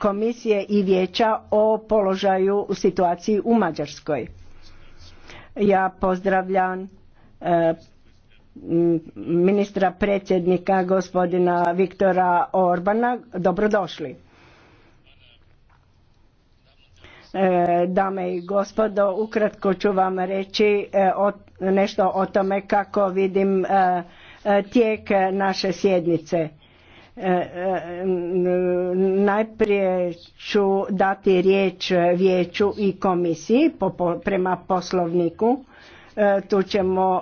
komisije i vijeća o položaju u situaciji u Mađarskoj. Ja pozdravljam e, ministra predsjednika gospodina Viktora Orbana. Dobrodošli. E, dame i gospodo, ukratko ću vam reći e, nešto o tome kako vidim tijek naše sjednice Najprije ću dati riječ vijeću i komisiji prema poslovniku. E, tu ćemo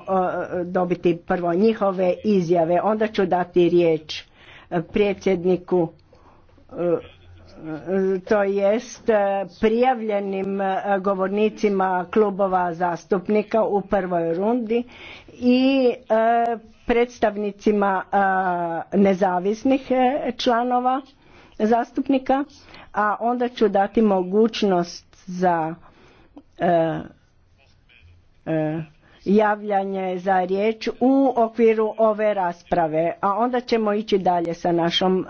e, dobiti prvo njihove izjave. Onda ću dati riječ predsjedniku e, to jest e, prijavljenim e, govornicima klubova zastupnika u prvoj rundi i e, predstavnicima nezavisnih članova zastupnika, a onda ću dati mogućnost za javljanje za riječ u okviru ove rasprave, a onda ćemo ići dalje sa našom e,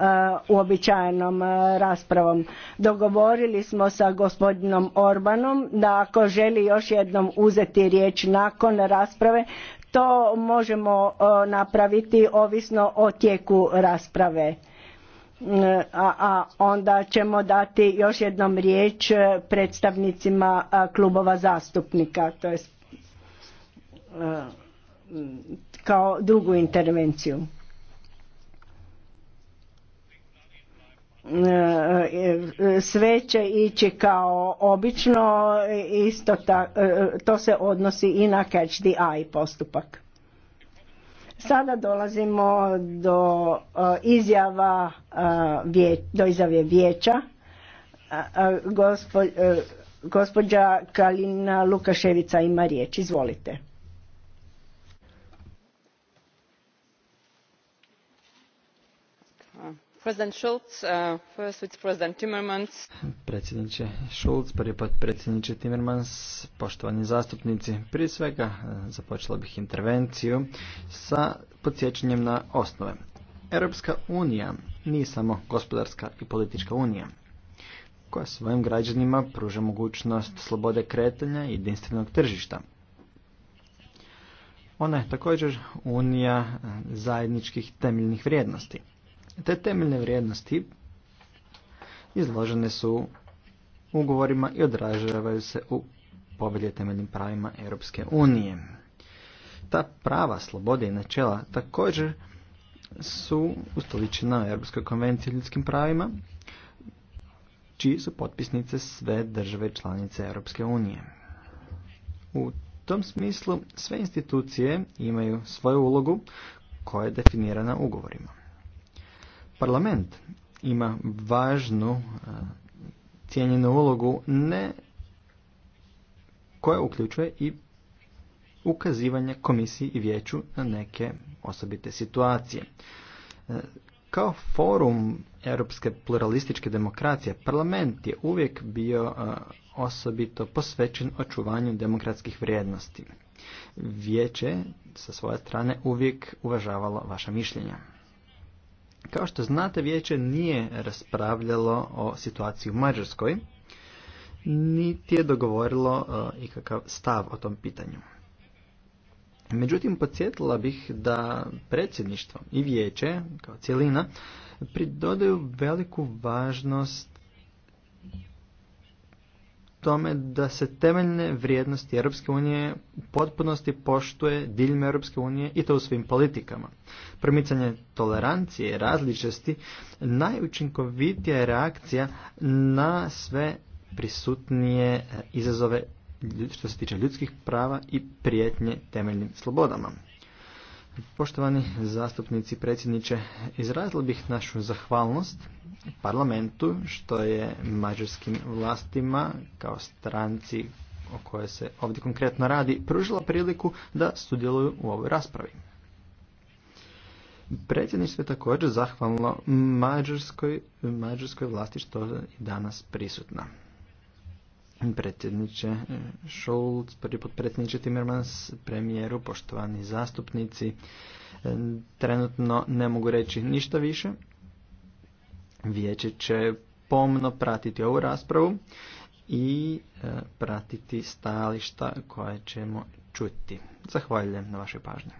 uobičajenom e, raspravom. Dogovorili smo sa gospodinom Orbanom da ako želi još jednom uzeti riječ nakon rasprave, to možemo e, napraviti ovisno o tijeku rasprave. A, a onda ćemo dati još jednom riječ predstavnicima klubova zastupnika, to je E, kao drugu intervenciju. E, e, sve će ići kao obično, isto to se odnosi i na catch the eye postupak. Sada dolazimo do izjava do izjave vijeća. gospođa Kalina Lukaševica ima riječ. Izvolite. Uh, Predsjedniče Schulz, prvi pot Timmermans, poštovani zastupnici, prije svega uh, započela bih intervenciju sa podsjećanjem na osnove. Europska unija nije samo gospodarska i politička unija koja svojim građanima pruža mogućnost slobode kretanja i jedinstvenog tržišta. Ona je također unija uh, zajedničkih temeljnih vrijednosti. Te temeljne vrijednosti izložene su ugovorima i odražavaju se u povelje temeljnim pravima Europske unije. Ta prava, slobode i načela također su ustoličena u Europskoj konvenciji o ljudskim pravima, čiji su potpisnice sve države članice Europske unije. U tom smislu sve institucije imaju svoju ulogu koja je definirana ugovorima. Parlament ima važnu e, cijenjenu ulogu ne koja uključuje i ukazivanje komisiji i vijeću na neke osobite situacije. E, kao forum europske pluralističke demokracije, parlament je uvijek bio e, osobito posvećen očuvanju demokratskih vrijednosti. Vijeće sa svoje strane uvijek uvažavalo vaša mišljenja. Kao što znate, vijeće nije raspravljalo o situaciji u Mađarskoj, niti je dogovorilo e, ikakav stav o tom pitanju. Međutim, podsjetila bih da predsjedništvo i vijeće, kao cijelina, pridodaju veliku važnost tome da se temeljne vrijednosti Europske unije u potpunosti poštuje diljem Europske unije i to u svim politikama. Promicanje tolerancije i različitosti najučinkovitija je reakcija na sve prisutnije e, izazove što se tiče ljudskih prava i prijetnje temeljnim slobodama. Poštovani zastupnici, predsjedniče, izrazili bih našu zahvalnost parlamentu što je mađarskim vlastima kao stranci o kojoj se ovdje konkretno radi pružila priliku da sudjeluju u ovoj raspravi. Predsjedništvo je također zahvalno mađarskoj, mađarskoj vlasti što je danas prisutna predsjedniče Šulc, prvi potpredsjedniče Timmermans, premijeru, poštovani zastupnici. Trenutno ne mogu reći ništa više. Vijeće će pomno pratiti ovu raspravu i e, pratiti stajališta koje ćemo čuti. Zahvaljujem na vašoj pažnji.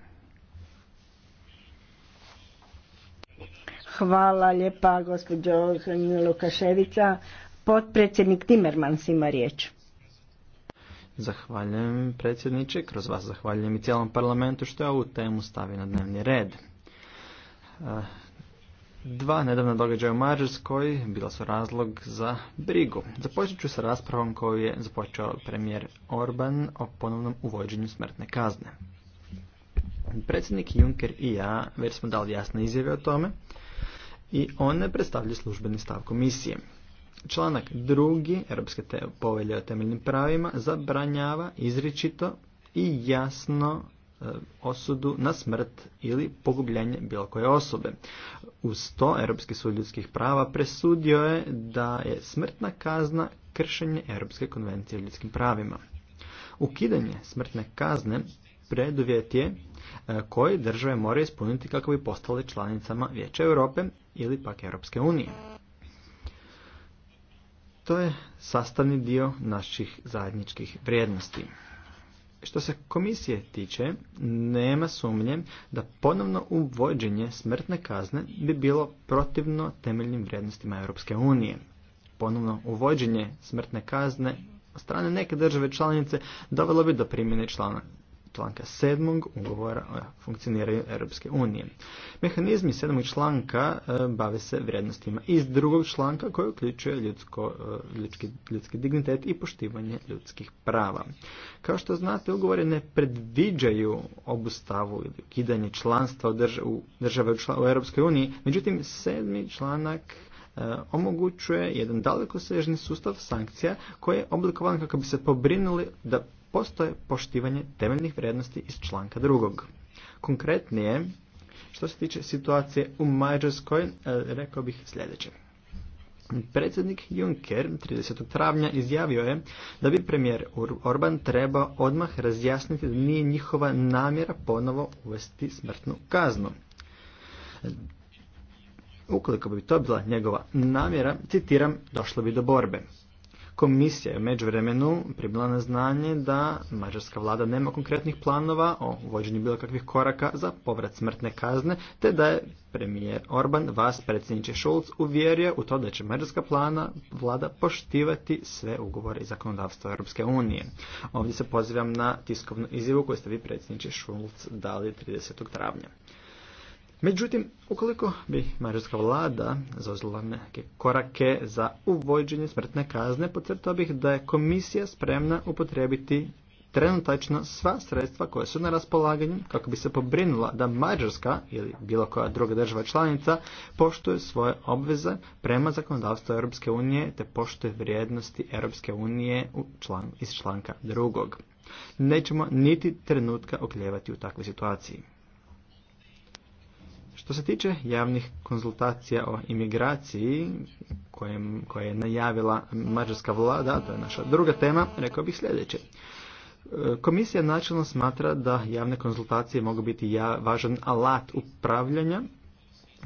Hvala lijepa gospođo Lukaševica. Potpredsjednik Timmermans ima riječ. Zahvaljujem predsjedniče, kroz vas zahvaljujem i cijelom parlamentu što je ovu temu stavi na dnevni red. E, dva nedavna događaja u Mađarskoj bila su razlog za brigu. Započet ću sa raspravom koju je započeo premijer Orban o ponovnom uvođenju smrtne kazne. Predsjednik Juncker i ja već smo dali jasne izjave o tome i one predstavlja službeni stav komisije. Članak drugi Europske povelje o temeljnim pravima zabranjava izričito i jasno e, osudu na smrt ili pogubljanje bilo koje osobe. Uz to, Europski sud ljudskih prava presudio je da je smrtna kazna kršenje Europske konvencije o ljudskim pravima. Ukidanje smrtne kazne preduvjet je e, koje države moraju ispuniti kako bi postale članicama Vijeća Europe ili pak Europske unije. To je sastavni dio naših zajedničkih vrijednosti. Što se komisije tiče, nema sumnje da ponovno uvođenje smrtne kazne bi bilo protivno temeljnim vrijednostima Europske unije. Ponovno uvođenje smrtne kazne od strane neke države članice dovelo bi do primjene člana članka 7. ugovora o funkcioniranju Europske unije. Mehanizmi 7. članka e, bave se vrijednostima iz drugog članka koji uključuje ljudsko, e, ljudski, dignitet i poštivanje ljudskih prava. Kao što znate, ugovore ne predviđaju obustavu ili ukidanje članstva u države u Europskoj uniji, međutim sedmi članak e, omogućuje jedan dalekosežni sustav sankcija koji je oblikovan kako bi se pobrinuli da postoje poštivanje temeljnih vrijednosti iz članka drugog. Konkretnije, što se tiče situacije u Mađarskoj, e, rekao bih sljedeće. Predsjednik Juncker 30. travnja izjavio je da bi premijer Orban trebao odmah razjasniti da nije njihova namjera ponovo uvesti smrtnu kaznu. Ukoliko bi to bila njegova namjera, citiram, došlo bi do borbe. Komisija je međuvremenu primila na znanje da mađarska vlada nema konkretnih planova o uvođenju bilo kakvih koraka za povrat smrtne kazne, te da je premijer Orban, vas predsjedniče Schulz, uvjerio u to da će mađarska plana vlada poštivati sve ugovore i zakonodavstvo Europske unije. Ovdje se pozivam na tiskovnu izjavu koju ste vi predsjedniče Šulc, dali 30. travnja. Međutim, ukoliko bi mađarska vlada zauzela neke korake za uvođenje smrtne kazne, podcrtao bih da je komisija spremna upotrebiti trenutačno sva sredstva koja su na raspolaganju kako bi se pobrinula da Mađarska ili bilo koja druga država članica poštuje svoje obveze prema zakonodavstvu Europske unije te poštuje vrijednosti Europske unije iz članka drugog. Nećemo niti trenutka okljevati u takvoj situaciji. Što se tiče javnih konzultacija o imigraciji koje je najavila mađarska vlada, to je naša druga tema, rekao bih sljedeće. Komisija načelno smatra da javne konzultacije mogu biti važan alat upravljanja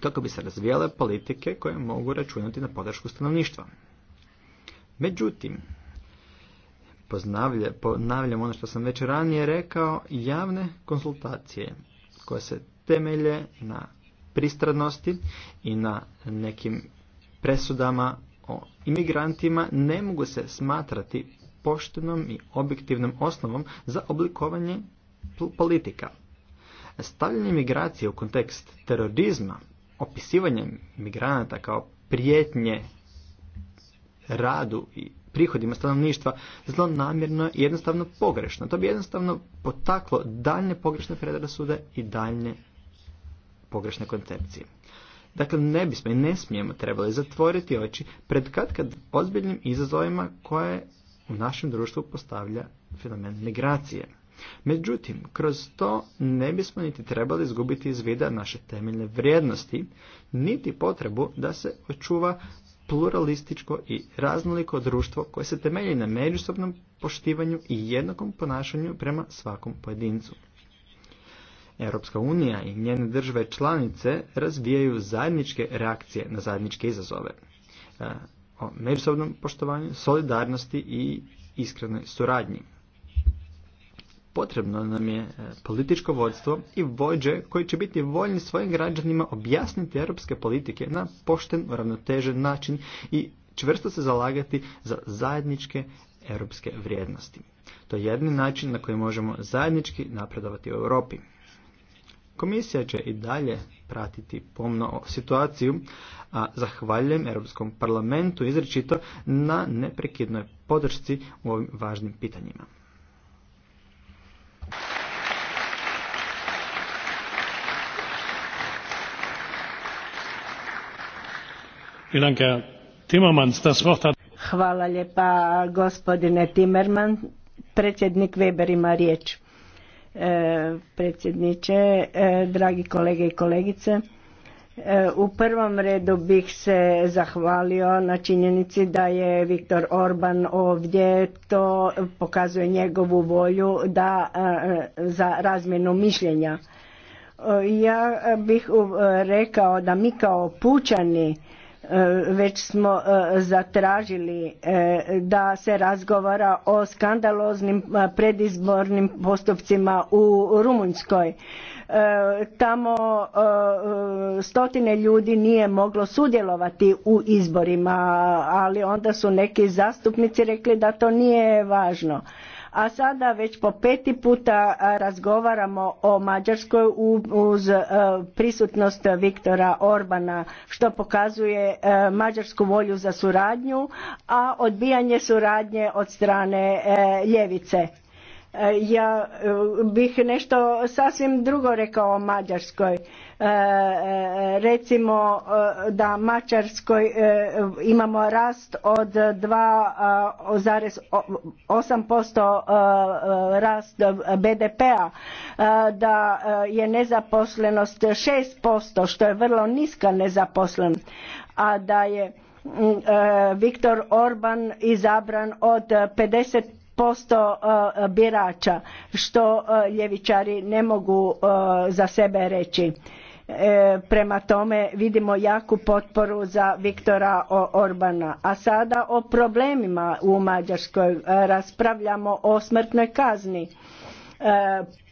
kako bi se razvijale politike koje mogu računati na podršku stanovništva. Međutim, ponavljam ono što sam već ranije rekao, javne konzultacije koje se temelje na pristranosti i na nekim presudama o imigrantima ne mogu se smatrati poštenom i objektivnom osnovom za oblikovanje politika. Stavljanje migracije u kontekst terorizma, opisivanje migranata kao prijetnje radu i prihodima stanovništva zlonamjerno i jednostavno pogrešno. To bi jednostavno potaklo daljne pogrešne predrasude i daljne pogrešne koncepcije. Dakle, ne bismo i ne smijemo trebali zatvoriti oči pred kad ozbiljnim izazovima koje u našem društvu postavlja fenomen migracije. Međutim, kroz to ne bismo niti trebali izgubiti iz vida naše temeljne vrijednosti, niti potrebu da se očuva pluralističko i raznoliko društvo koje se temelji na međusobnom poštivanju i jednakom ponašanju prema svakom pojedincu. Europska unija i njene države članice razvijaju zajedničke reakcije na zajedničke izazove e, o međusobnom poštovanju, solidarnosti i iskrenoj suradnji. Potrebno nam je e, političko vodstvo i vođe koji će biti voljni svojim građanima objasniti europske politike na pošten, ravnotežen način i čvrsto se zalagati za zajedničke europske vrijednosti. To je jedni način na koji možemo zajednički napredovati u Europi. Komisija će i dalje pratiti pomno situaciju, a zahvaljujem Europskom parlamentu izrečito na neprekidnoj podršci u ovim važnim pitanjima. Hvala lijepa gospodine Timerman. Predsjednik Weber ima riječ. E, predsjedniče, e, dragi kolege i kolegice. E, u prvom redu bih se zahvalio na činjenici da je Viktor Orban ovdje, to pokazuje njegovu volju da, za razmjenu mišljenja. Ja bih rekao da mi kao pučani E, već smo e, zatražili e, da se razgovara o skandaloznim predizbornim postupcima u Rumunjskoj. Tamo stotine ljudi nije moglo sudjelovati u izborima, ali onda su neki zastupnici rekli da to nije važno a sada već po peti puta razgovaramo o Mađarskoj uz e, prisutnost Viktora Orbana što pokazuje e, mađarsku volju za suradnju, a odbijanje suradnje od strane e, ljevice. Ja bih nešto sasvim drugo rekao o Mađarskoj E, e, recimo e, da mađarskoj imamo rast od 2,8% rast BDP-a, da je nezaposlenost 6%, što je vrlo niska nezaposlenost, a da je Viktor Orban izabran od 50% posto birača što ljevičari ne mogu za sebe reći E, prema tome vidimo jaku potporu za Viktora Orbana. A sada o problemima u Mađarskoj. E, raspravljamo o smrtnoj kazni. E,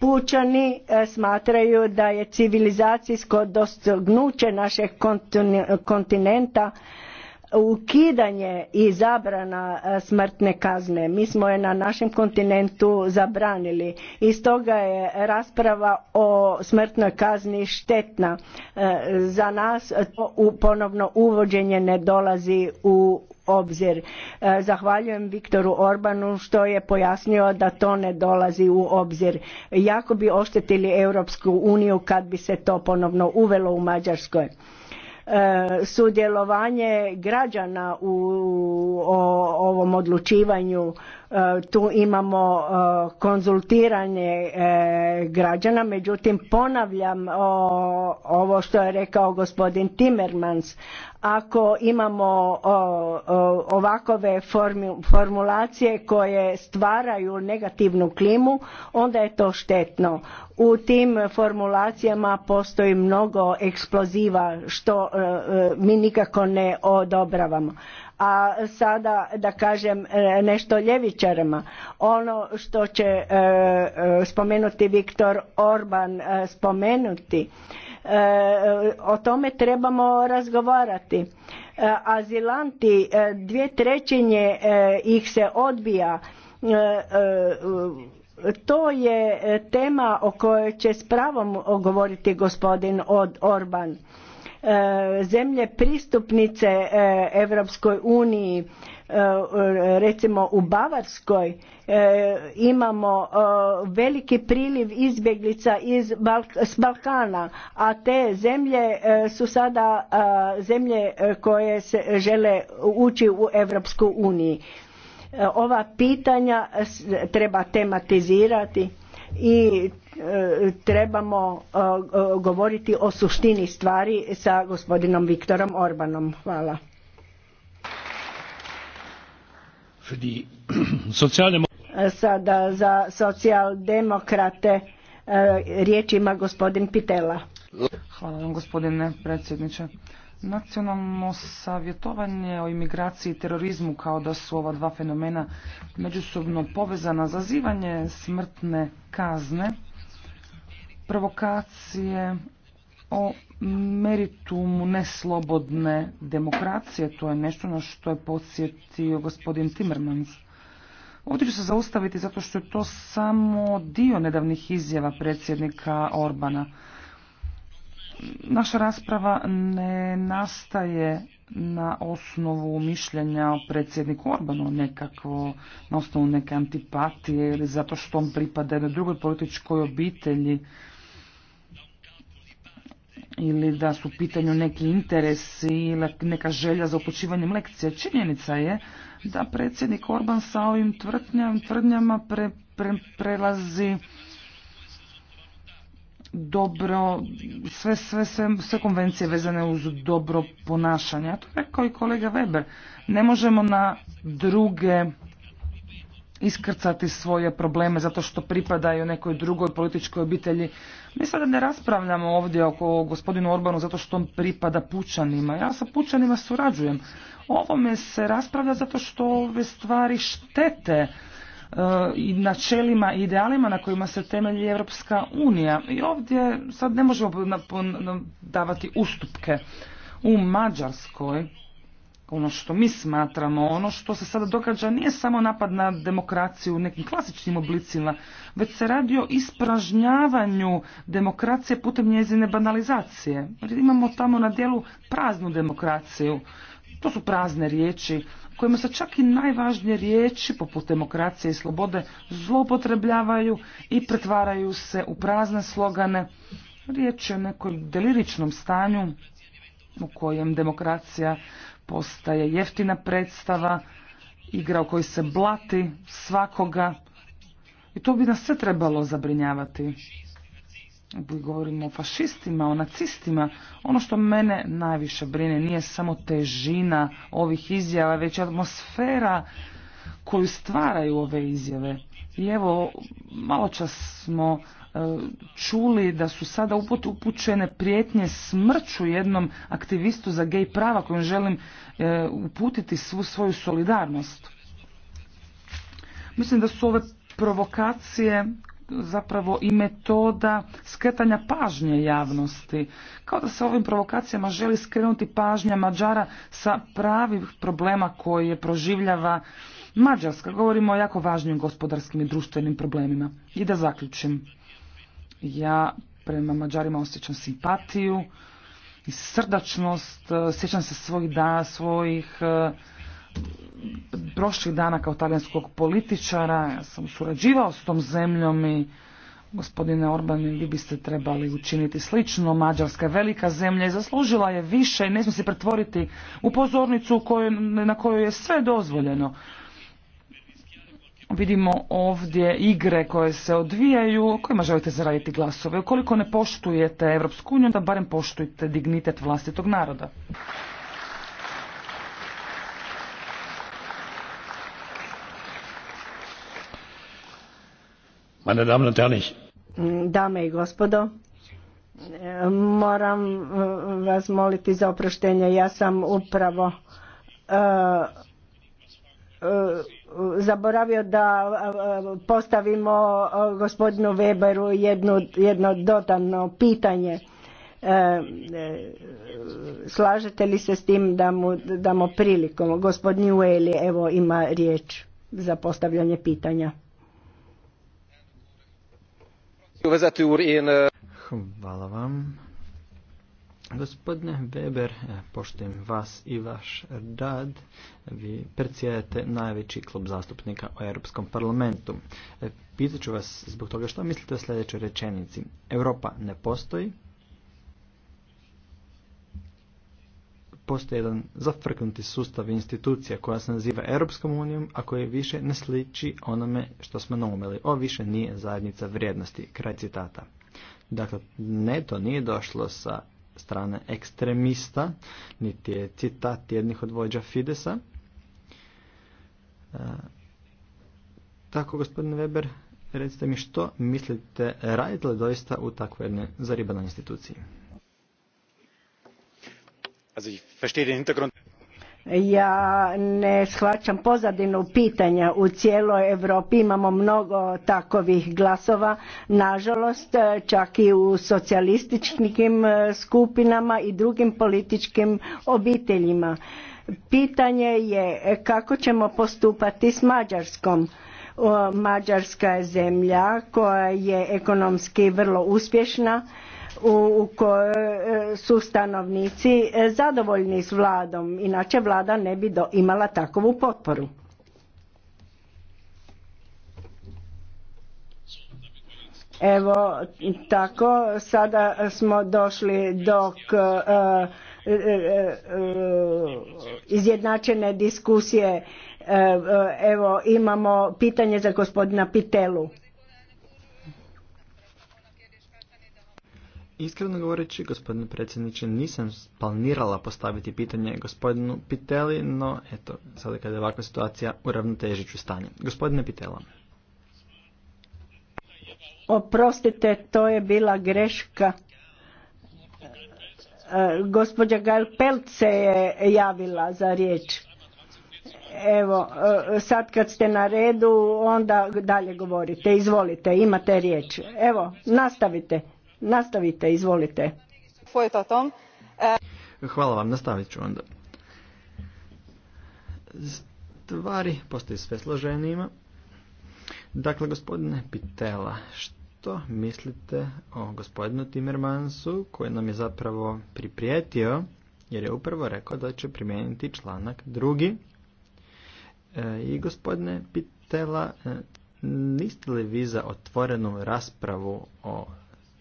pučani smatraju da je civilizacijsko dostignuće našeg kontinenta ukidanje i zabrana e, smrtne kazne. Mi smo je na našem kontinentu zabranili i stoga je rasprava o smrtnoj kazni štetna. E, za nas to ponovno uvođenje ne dolazi u obzir. E, zahvaljujem Viktoru Orbanu što je pojasnio da to ne dolazi u obzir. Jako bi oštetili Europsku uniju kad bi se to ponovno uvelo u Mađarskoj E, sudjelovanje građana u ovom odlučivanju e, tu imamo e, konzultiranje građana međutim ponavljam ovo što je rekao gospodin Timmermans ako imamo ovakove formulacije koje stvaraju negativnu klimu onda je to štetno u tim formulacijama postoji mnogo eksploziva što e, e, mi nikako ne odobravamo a sada da kažem e, nešto ljevičarima ono što će spomenuti Viktor Orban spomenuti o tome trebamo razgovarati azilanti dvije trećinje ih se odbija to je e, tema o kojoj će s pravom govoriti gospodin Orban. E, zemlje pristupnice Europskoj uniji, e, recimo u Bavarskoj, imamo veliki priliv izbjeglica iz s Balkana, a te zemlje su sada zemlje koje se žele ući u Europsku uniju E, ova pitanja treba tematizirati i e, trebamo e, govoriti o suštini stvari sa gospodinom Viktorom Orbanom. Hvala. Sada za socijaldemokrate riječ ima gospodin Pitela. Hvala vam gospodine predsjedniče. Nacionalno savjetovanje o imigraciji i terorizmu kao da su ova dva fenomena međusobno povezana. Zazivanje smrtne kazne, provokacije o meritumu neslobodne demokracije, to je nešto na što je podsjetio gospodin Timmermans. Ovdje ću se zaustaviti zato što je to samo dio nedavnih izjava predsjednika Orbana. Naša rasprava ne nastaje na osnovu mišljenja o predsjedniku Orbanu nekako na osnovu neke antipatije ili zato što on pripada na drugoj političkoj obitelji ili da su u pitanju neki interesi ili neka želja za upućivanjem lekcije. Činjenica je da predsjednik Orban sa ovim tvrdnjama prelazi dobro, sve, sve, sve, konvencije vezane uz dobro ponašanje. A to je rekao i kolega Weber. Ne možemo na druge iskrcati svoje probleme zato što pripadaju nekoj drugoj političkoj obitelji. Mi sada ne raspravljamo ovdje oko gospodinu Orbanu zato što on pripada pučanima. Ja sa pučanima surađujem. Ovome se raspravlja zato što ove stvari štete i načelima i idealima na kojima se temelji Europska unija. I ovdje sad ne možemo davati ustupke. U Mađarskoj ono što mi smatramo, ono što se sada događa nije samo napad na demokraciju u nekim klasičnim oblicima, već se radi o ispražnjavanju demokracije putem njezine banalizacije. Imamo tamo na dijelu praznu demokraciju. To su prazne riječi kojima se čak i najvažnije riječi poput demokracije i slobode zloupotrebljavaju i pretvaraju se u prazne slogane. Riječ je o nekom deliričnom stanju u kojem demokracija postaje jeftina predstava, igra u kojoj se blati svakoga i to bi nas sve trebalo zabrinjavati govorim o fašistima, o nacistima, ono što mene najviše brine nije samo težina ovih izjava, već atmosfera koju stvaraju ove izjave. I evo, malo čas smo e, čuli da su sada upućene prijetnje smrću jednom aktivistu za gej prava kojom želim e, uputiti svu svoju solidarnost. Mislim da su ove provokacije zapravo i metoda skretanja pažnje javnosti. Kao da se ovim provokacijama želi skrenuti pažnja Mađara sa pravih problema koje proživljava Mađarska. Govorimo o jako važnim gospodarskim i društvenim problemima. I da zaključim. Ja prema Mađarima osjećam simpatiju i srdačnost. Sjećam se svojih da, svojih prošlih dana kao talijanskog političara, ja sam surađivao s tom zemljom i gospodine Orban, vi biste trebali učiniti slično. Mađarska je velika zemlja i zaslužila je više i ne smije se pretvoriti u pozornicu na kojoj je sve dozvoljeno. Vidimo ovdje igre koje se odvijaju, kojima želite zaraditi glasove. Ukoliko ne poštujete Evropsku uniju, da barem poštujte dignitet vlastitog naroda. Meine Damen und Herren, Dame i gospodo, moram eh, vas moliti za oproštenje. Ja sam upravo eh, eh, zaboravio da postavimo gospodinu Weberu jedno dodatno pitanje. slažete li se s tim da mu damo prilikom? Gospodin Ueli, evo ima riječ za postavljanje pitanja. Hvala vam. Gospodine Weber, e, poštujem vas i vaš rad. Vi predsjedate najveći klub zastupnika u Europskom parlamentu. E, Pitaću vas zbog toga što mislite o sljedećoj rečenici. Europa ne postoji, postoji jedan zafrknuti sustav institucija koja se naziva Europskom unijom, a koje više ne sliči onome što smo naumili. O više nije zajednica vrijednosti. Kraj citata. Dakle, ne, to nije došlo sa strane ekstremista, niti je citat jednih od vođa Fidesa. E, tako, gospodine Weber, recite mi što mislite, radite li doista u takvoj jednoj zaribanoj instituciji? ja ne shvaćam pozadinu pitanja u cijeloj europi imamo mnogo takovih glasova nažalost čak i u socijalističkim e, skupinama i drugim političkim obiteljima pitanje je kako ćemo postupati s mađarskom mađarska je zemlja koja je ekonomski vrlo uspješna u kojoj e, su stanovnici e, zadovoljni s vladom, inače vlada ne bi imala takovu potporu. Evo tako, sada smo došli do e, izjednačene diskusije. Evo imamo pitanje za gospodina Pitelu. Iskreno govoreći, gospodine predsjedniče, nisam planirala postaviti pitanje gospodinu Piteli, no eto, sada kada je ovakva situacija, uravnotežit ću stanje. Gospodine Pitela. Oprostite, to je bila greška. Gospodja e, gospođa je javila za riječ. Evo, e, sad kad ste na redu, onda dalje govorite. Izvolite, imate riječ. Evo, nastavite. Nastavite, izvolite. Hvala vam, nastavit ću onda. Stvari postoji sve složenijima. Dakle, gospodine Pitela, što mislite o gospodinu Timmermansu koji nam je zapravo priprijetio jer je upravo rekao da će primijeniti članak drugi. E, I gospodine Pitela, e, niste li vi za otvorenu raspravu o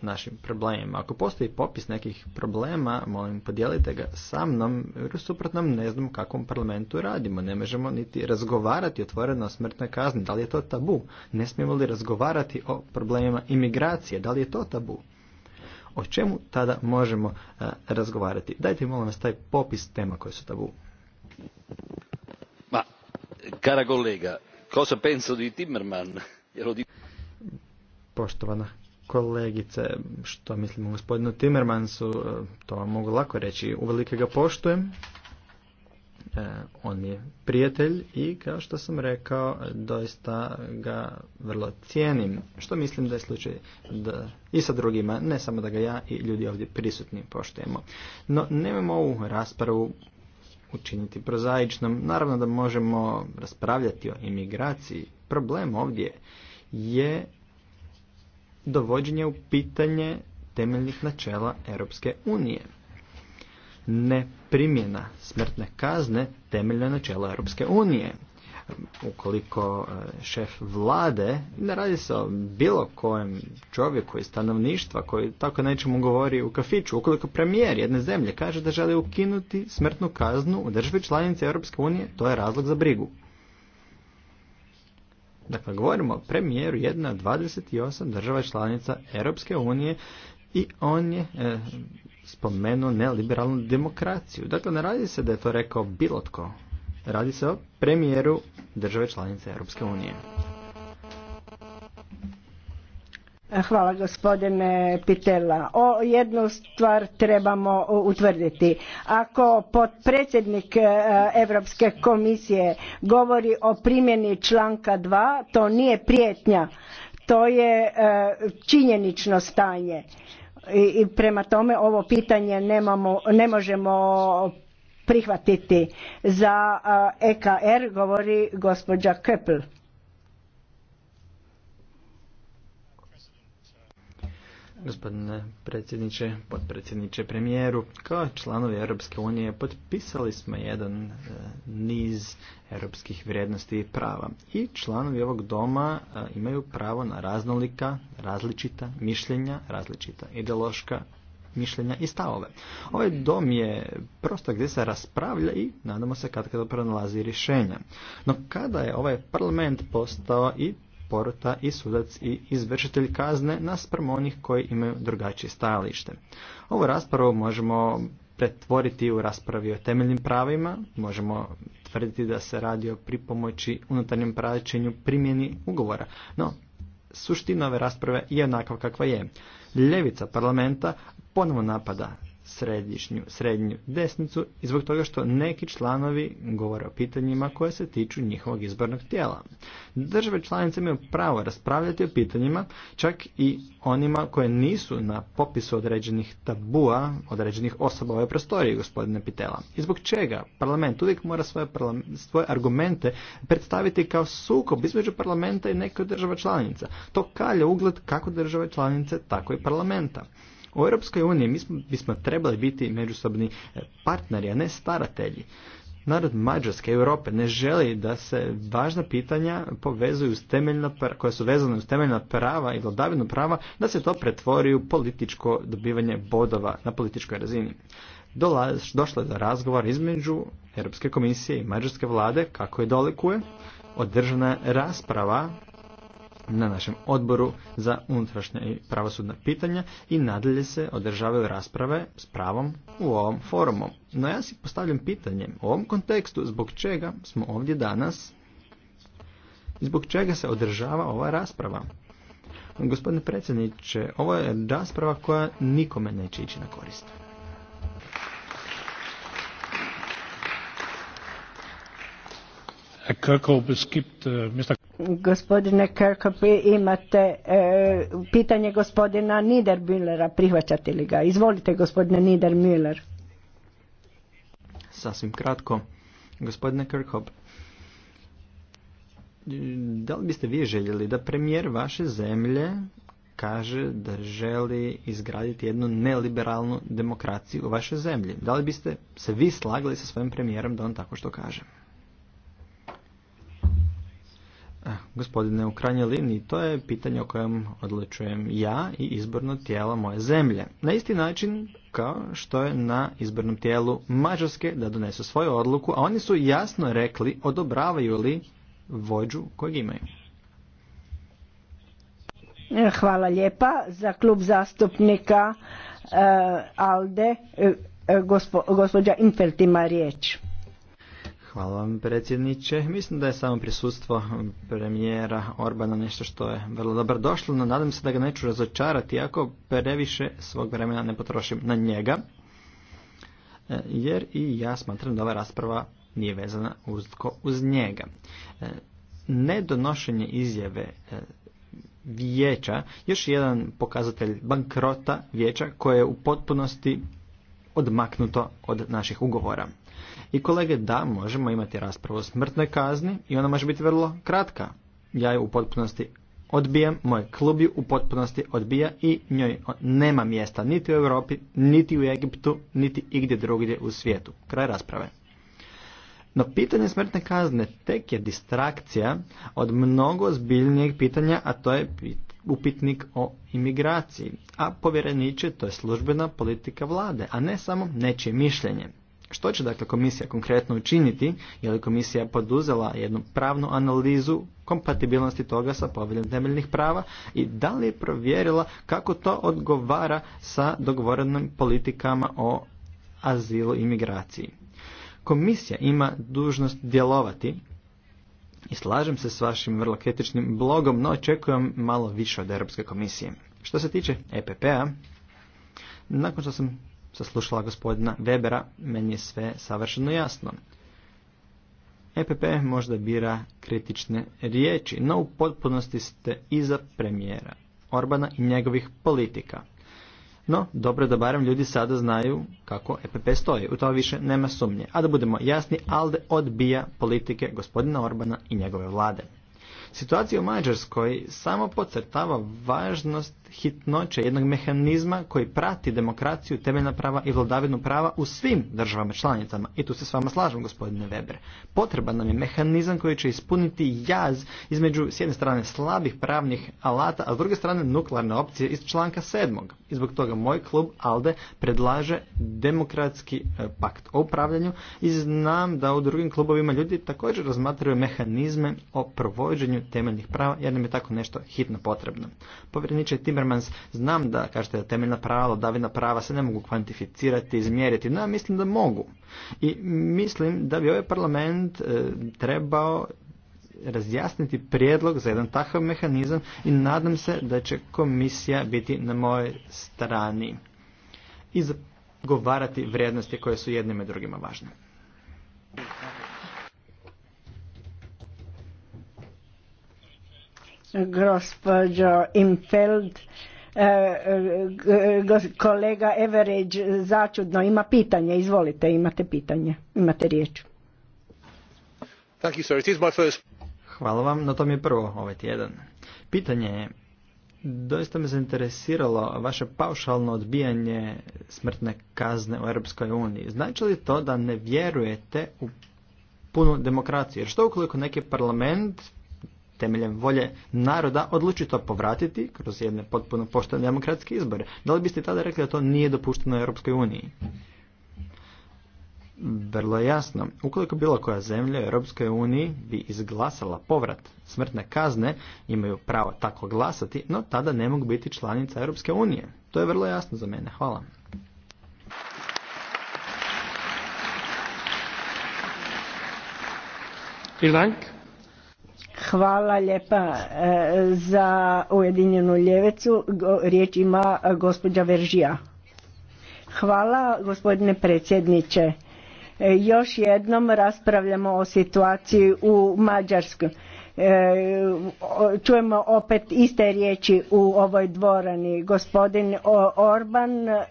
našim problemima. Ako postoji popis nekih problema, molim podijelite ga sa mnom, jer suprotno ne znam u kakvom parlamentu radimo. Ne možemo niti razgovarati otvoreno o smrtnoj kazni. Da li je to tabu? Ne smijemo li razgovarati o problemima imigracije? Da li je to tabu? O čemu tada možemo e, razgovarati? Dajte molim vas taj popis tema koje su tabu. Ma, cara collega, cosa penso di Timmerman? Poštovana kolegice što mislim o gospodinu Timmermansu, e, to vam mogu lako reći, uvelike ga poštujem. E, on je prijatelj i kao što sam rekao, doista ga vrlo cijenim. Što mislim da je slučaj da i sa drugima, ne samo da ga ja i ljudi ovdje prisutni poštujemo. No, nemamo ovu raspravu učiniti prozaičnom. Naravno da možemo raspravljati o imigraciji. Problem ovdje je dovođenje u pitanje temeljnih načela Europske unije. Ne primjena smrtne kazne temeljna načela Europske unije. Ukoliko e, šef vlade, ne radi se o bilo kojem čovjeku iz stanovništva koji tako nečemu govori u kafiću, ukoliko premijer jedne zemlje kaže da želi ukinuti smrtnu kaznu u državi članice Europske unije, to je razlog za brigu. Dakle, govorimo o premijeru jedna od 28 država članica Europske unije i on je e, spomenuo neliberalnu demokraciju. Dakle, ne radi se da je to rekao bilo tko. Radi se o premijeru države članice Europske unije. Hvala gospodine Pitela. O jednu stvar trebamo utvrditi. Ako potpredsjednik Europske komisije govori o primjeni članka 2, to nije prijetnja, to je e, činjenično stanje. I prema tome ovo pitanje nemamo, ne možemo prihvatiti. Za EKR e govori gospođa Köppel. Gospodine predsjedniče, potpredsjedniče premijeru, kao članovi Europske unije potpisali smo jedan e, niz europskih vrijednosti i prava. I članovi ovog doma e, imaju pravo na raznolika, različita mišljenja, različita ideološka mišljenja i stavove. Ovaj dom je prosto gdje se raspravlja i nadamo se kad kada pronalazi rješenja. No kada je ovaj parlament postao i porota i sudac i izvršitelj kazne naspram onih koji imaju drugačije stajalište. Ovu raspravu možemo pretvoriti u raspravi o temeljnim pravima, možemo tvrditi da se radi o pripomoći unutarnjem praćenju primjeni ugovora, no suština ove rasprave je onakva kakva je. Ljevica parlamenta ponovo napada središnju, srednju desnicu i zbog toga što neki članovi govore o pitanjima koje se tiču njihovog izbornog tijela. Države članice imaju pravo raspravljati o pitanjima, čak i onima koje nisu na popisu određenih tabua, određenih osoba u ovoj prostoriji, gospodine Pitela. I zbog čega parlament uvijek mora svoje, svoje argumente predstaviti kao sukob između parlamenta i neke država članica. To kalja ugled kako države članice, tako i parlamenta. U Europskoj uniji mi bismo trebali biti međusobni e, partneri, a ne staratelji. Narod Mađarske Europe ne želi da se važna pitanja povezuju s temeljna, koja su vezana uz temeljna prava i vladavinu prava, da se to pretvori u političko dobivanje bodova na političkoj razini. Dolaz, došlo je do razgovora između Europske komisije i Mađarske vlade, kako je dolikuje, održana rasprava na našem odboru za unutrašnje i pravosudna pitanja i nadalje se održavaju rasprave s pravom u ovom forumu. No ja si postavljam pitanje u ovom kontekstu zbog čega smo ovdje danas i zbog čega se održava ova rasprava. Gospodine predsjedniče, ovo je rasprava koja nikome neće ići na korist. Uh, gospodine Kirkhope, imate e, pitanje gospodina Niedermüllera, prihvaćate li ga? Izvolite gospodine Niedermüller. Sasvim kratko. Gospodine Kirkhope, da li biste vi željeli da premijer vaše zemlje kaže da želi izgraditi jednu neliberalnu demokraciju u vašoj zemlji? Da li biste se vi slagali sa svojim premijerom da on tako što kaže? gospodine u krajnjoj liniji, to je pitanje o kojem odlučujem ja i izborno tijelo moje zemlje. Na isti način kao što je na izbornom tijelu Mađarske da donesu svoju odluku, a oni su jasno rekli odobravaju li vođu kojeg imaju. E, hvala lijepa za klub zastupnika e, Alde, e, gospođa Infeltima riječ. Hvala vam predsjedniče. Mislim da je samo prisustvo premijera Orbana nešto što je vrlo dobro došlo, no nadam se da ga neću razočarati ako previše svog vremena ne potrošim na njega. E, jer i ja smatram da ova rasprava nije vezana uzko uz njega. E, nedonošenje izjave e, vijeća još jedan pokazatelj bankrota vijeća koje je u potpunosti odmaknuto od naših ugovora. I kolege, da, možemo imati raspravu o smrtnoj kazni i ona može biti vrlo kratka. Ja ju u potpunosti odbijam, moj klub ju u potpunosti odbija i njoj nema mjesta niti u Europi, niti u Egiptu, niti igdje drugdje u svijetu. Kraj rasprave. No pitanje smrtne kazne tek je distrakcija od mnogo zbiljnijeg pitanja, a to je upitnik o imigraciji. A povjereniče, to je službena politika vlade, a ne samo nečije mišljenje. Što će dakle komisija konkretno učiniti? Je li komisija poduzela jednu pravnu analizu kompatibilnosti toga sa poveljom temeljnih prava i da li je provjerila kako to odgovara sa dogovorenim politikama o azilu i migraciji? Komisija ima dužnost djelovati i slažem se s vašim vrlo kritičnim blogom, no očekujem malo više od Europske komisije. Što se tiče EPP-a, nakon što sam saslušala gospodina Webera, meni je sve savršeno jasno. EPP možda bira kritične riječi, no u potpunosti ste iza premijera Orbana i njegovih politika. No, dobro da barem ljudi sada znaju kako EPP stoji, u to više nema sumnje. A da budemo jasni, ALDE odbija politike gospodina Orbana i njegove vlade. Situacija u Mađarskoj samo podcrtava važnost hitnoće jednog mehanizma koji prati demokraciju, temeljna prava i vladavinu prava u svim državama članicama. I tu se s vama slažem, gospodine Weber. Potreban nam je mehanizam koji će ispuniti jaz između s jedne strane slabih pravnih alata, a s druge strane nuklearne opcije iz članka sedmog. I zbog toga moj klub ALDE predlaže demokratski e, pakt o upravljanju i znam da u drugim klubovima ljudi također razmatraju mehanizme o provođenju temeljnih prava jer nam je tako nešto hitno potrebno. Povjereniče tim Timmermans, znam da kažete da temeljna prava, davina prava se ne mogu kvantificirati, izmjeriti, no ja mislim da mogu. I mislim da bi ovaj parlament e, trebao razjasniti prijedlog za jedan takav mehanizam i nadam se da će komisija biti na mojoj strani i zagovarati vrijednosti koje su jednima i drugima važne. gospođo Imfeld. E, e, e, kolega Everidge začudno ima pitanje. Izvolite, imate pitanje. Imate riječ. Hvala vam, na tom je prvo ovaj tjedan. Pitanje je, doista me zainteresiralo vaše paušalno odbijanje smrtne kazne u Europskoj uniji. Znači li to da ne vjerujete u punu demokraciju? Jer što ukoliko neki parlament temeljem volje naroda odluči to povratiti kroz jedne potpuno poštene demokratske izbore. Da li biste tada rekli da to nije dopušteno u Europskoj uniji? Vrlo jasno. Ukoliko bilo koja zemlja u Europskoj uniji bi izglasala povrat smrtne kazne, imaju pravo tako glasati, no tada ne mogu biti članica Europske unije. To je vrlo jasno za mene. Hvala. Hvala. Hvala lijepa e, za Ujedinjenu ljevecu. Riječ ima e, gospođa Veržija. Hvala gospodine predsjedniče. E, još jednom raspravljamo o situaciji u Mađarskoj E, čujemo opet iste riječi u ovoj dvorani. Gospodin Orban e,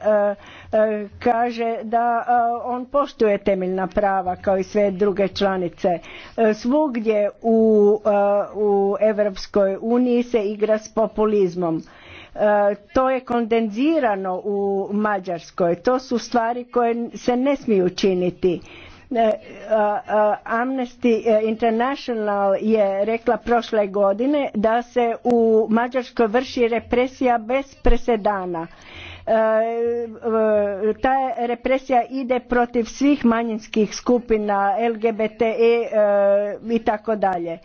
e, kaže da on poštuje temeljna prava kao i sve druge članice. Svugdje u, u Europskoj uniji se igra s populizmom. To je kondenzirano u Mađarskoj. To su stvari koje se ne smiju činiti E, Amnesty e, International je rekla prošle godine da se u Mađarskoj vrši represija bez presedana E, e, ta represija ide protiv svih manjinskih skupina LGBT e, i tako dalje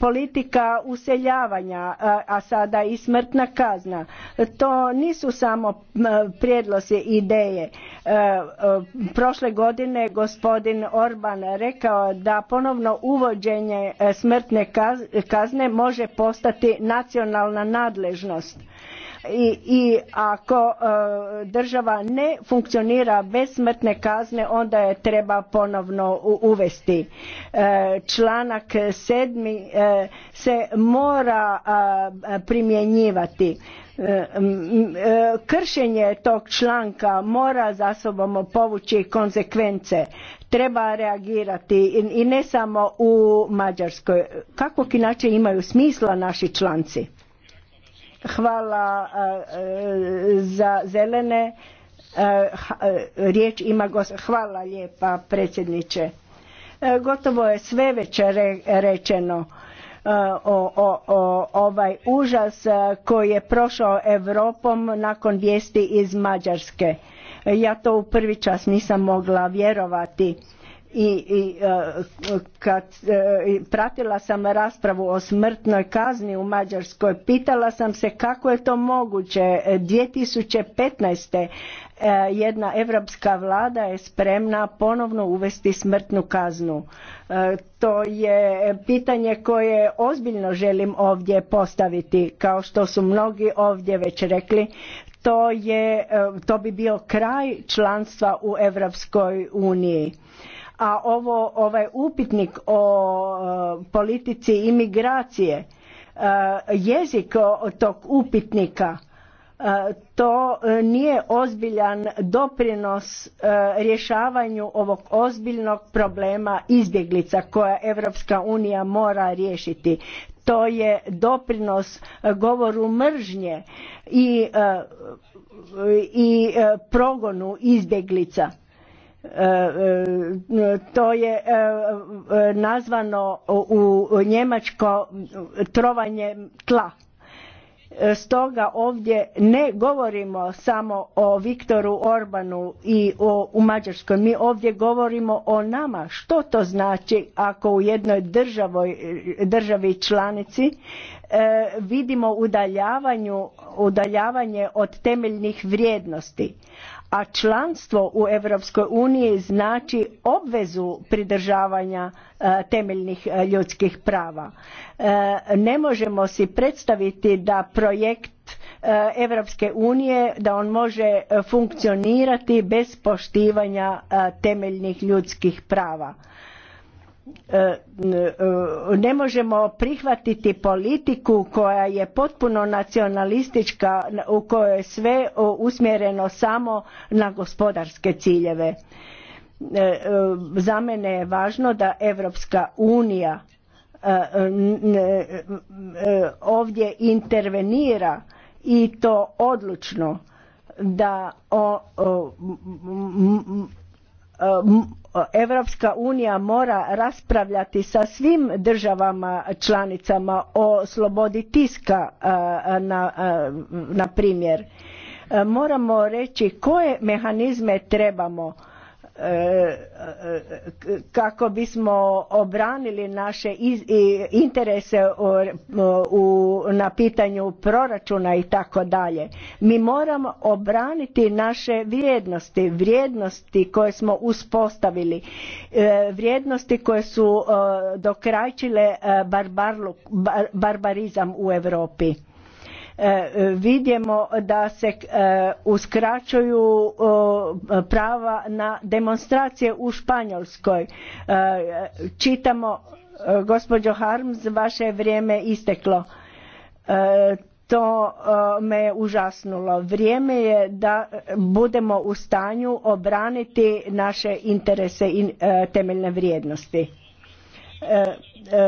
politika useljavanja a sada i smrtna kazna to nisu samo prijedlozi ideje prošle godine gospodin Orban rekao da ponovno uvođenje smrtne kazne može postati nacionalna nadležnost i, ako e, država ne funkcionira bez smrtne kazne onda je treba ponovno uvesti. E, članak sedmi e, se mora primjenjivati kršenje tog članka mora za sobom povući konsekvence treba reagirati i ne samo u mađarskoj kakvog inače imaju smisla naši članci Hvala za zelene. Riječ ima Hvala lijepa predsjedniče. Gotovo je sve već rečeno o, ovaj užas koji je prošao Europom nakon vijesti iz Mađarske. Ja to u prvi čas nisam mogla vjerovati i, i e, kad e, pratila sam raspravu o smrtnoj kazni u Mađarskoj pitala sam se kako je to moguće 2015. E, jedna evropska vlada je spremna ponovno uvesti smrtnu kaznu to je pitanje koje ozbiljno želim ovdje postaviti kao što su mnogi ovdje već rekli to je to bi bio kraj članstva u Europskoj uniji a ovaj upitnik o e, politici imigracije e, jezik tog upitnika e, to nije ozbiljan doprinos rješavanju ovog ozbiljnog problema izbjeglica koja Europska unija mora riješiti. To je doprinos govoru mržnje i progonu izbjeglica to je e, e, nazvano u njemačko trovanje tla e, stoga ovdje ne govorimo samo o Viktoru Orbanu i o, u Mađarskoj, mi ovdje govorimo o nama. Što to znači ako u jednoj državoj, državi članici vidimo udaljavanju, udaljavanje od temeljnih vrijednosti? a članstvo u Europskoj uniji znači obvezu pridržavanja e, temeljnih e, ljudskih prava. E, ne možemo si predstaviti da projekt Europske unije da on može funkcionirati bez poštivanja temeljnih ljudskih prava E, e, ne možemo prihvatiti politiku koja je potpuno nacionalistička u kojoj je sve usmjereno samo na gospodarske ciljeve. E, za mene je važno da Europska unija ovdje intervenira i to odlučno da Europska unija mora raspravljati sa svim državama članicama o slobodi tiska na, na primjer. E, moramo reći koje mehanizme trebamo E, e, kako bismo obranili naše interese na pitanju proračuna i tako dalje. Mi moramo obraniti naše vrijednosti, vrijednosti koje smo uspostavili, e, vrijednosti koje su dokrajčile barbarizam u Europi. E, vidimo da se e, uskraćuju prava na demonstracije u Španjolskoj. E, čitamo, gospođo Harms, vaše vrijeme isteklo. To me je užasnulo. Vrijeme je da budemo u stanju obraniti naše interese i temeljne vrijednosti. E, e,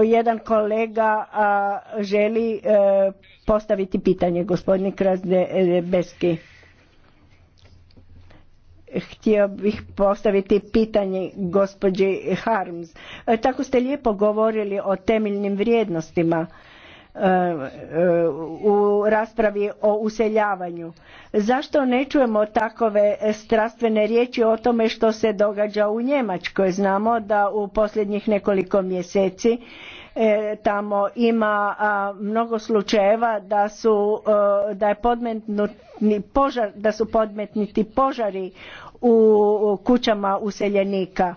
e, jedan kolega želi postaviti pitanje, gospodin Krasdebeski. Htio bih postaviti pitanje gospođi Harms. Tako ste lijepo govorili o temeljnim vrijednostima E, e, u raspravi o useljavanju. Zašto ne čujemo takove strastvene riječi o tome što se događa u Njemačkoj? Znamo da u posljednjih nekoliko mjeseci e, tamo ima mnogo slučajeva da su da je požar, da su podmetniti požari u kućama useljenika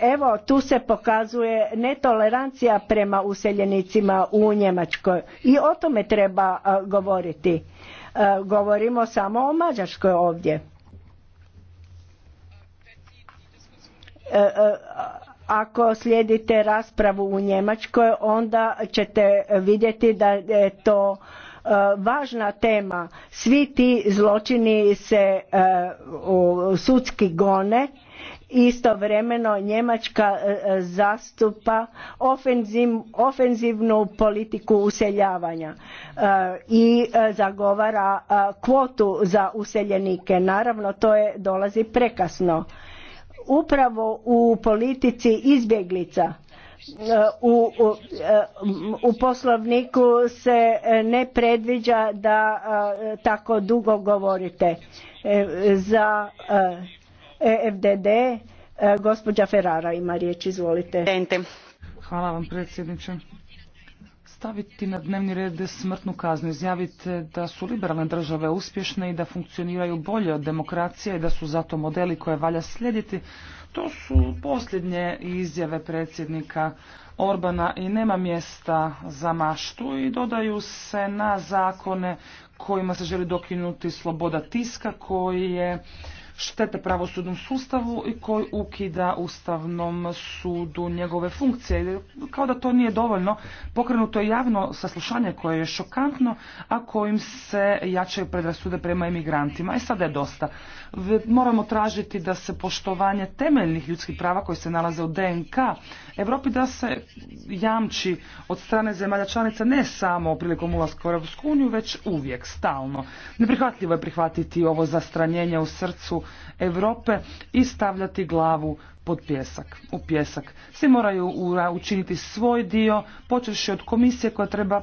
evo tu se pokazuje netolerancija prema useljenicima u Njemačkoj i o tome treba govoriti. Govorimo samo o Mađarskoj ovdje. E, e, ako slijedite raspravu u Njemačkoj onda ćete vidjeti da je to e, važna tema. Svi ti zločini se sudski gone istovremeno njemačka e, e, zastupa ofenzivnu politiku useljavanja e, i zagovara kvotu za useljenike naravno to je dolazi prekasno upravo u politici izbjeglica u, u poslovniku se ne predviđa da tako dugo govorite za EFDD, e, gospođa Ferrara ima riječ, izvolite. Hvala vam predsjedniče. Staviti na dnevni red smrtnu kaznu, izjavite da su liberalne države uspješne i da funkcioniraju bolje od demokracije i da su zato modeli koje valja slijediti. To su posljednje izjave predsjednika Orbana i nema mjesta za maštu i dodaju se na zakone kojima se želi dokinuti sloboda tiska koji je štete pravosudnom sustavu i koji ukida Ustavnom sudu njegove funkcije. Kao da to nije dovoljno, pokrenuto je javno saslušanje koje je šokantno, a kojim se jačaju predrasude prema imigrantima. I e, sada je dosta. Moramo tražiti da se poštovanje temeljnih ljudskih prava koji se nalaze u DNK Europi da se jamči od strane zemalja članica ne samo prilikom ulaska u Europsku uniju, već uvijek, stalno. Neprihvatljivo je prihvatiti ovo zastranjenje u srcu Europe i stavljati glavu pod pjesak, u pjesak. Svi moraju učiniti svoj dio, počeši od komisije koja treba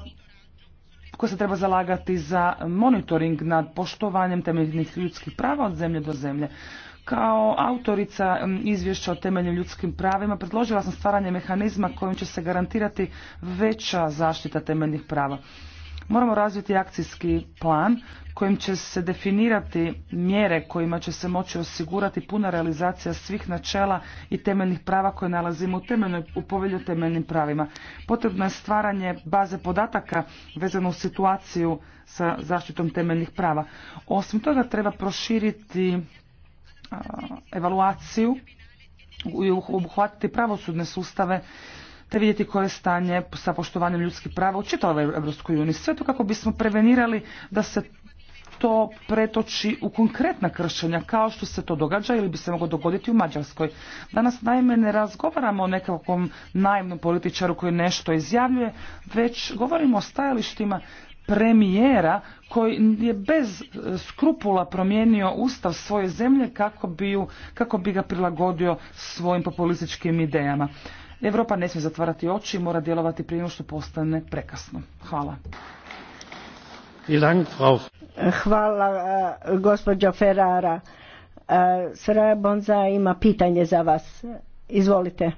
koja se treba zalagati za monitoring nad poštovanjem temeljnih ljudskih prava od zemlje do zemlje. Kao autorica izvješća o temeljnim ljudskim pravima predložila sam stvaranje mehanizma kojim će se garantirati veća zaštita temeljnih prava. Moramo razviti akcijski plan kojim će se definirati mjere kojima će se moći osigurati puna realizacija svih načela i temeljnih prava koje nalazimo u, temeljnoj, u o temeljnim pravima. Potrebno je stvaranje baze podataka vezano u situaciju sa zaštitom temeljnih prava. Osim toga treba proširiti evaluaciju i obuhvatiti pravosudne sustave te vidjeti koje je stanje sa poštovanjem ljudskih prava u čitavoj Europskoj uniji. Sve to kako bismo prevenirali da se to pretoči u konkretna kršenja kao što se to događa ili bi se moglo dogoditi u Mađarskoj. Danas naime ne razgovaramo o nekakvom naivnom političaru koji nešto izjavljuje, već govorimo o stajalištima premijera koji je bez e, skrupula promijenio ustav svoje zemlje kako bi, ju, kako bi ga prilagodio svojim populističkim idejama. Europa ne smije zatvarati oči i mora djelovati prije što postane prekasno. Hvala. Hvala eh, gospođo Ferrara. Eh, Sraja Bonza ima pitanje za vas. Izvolite.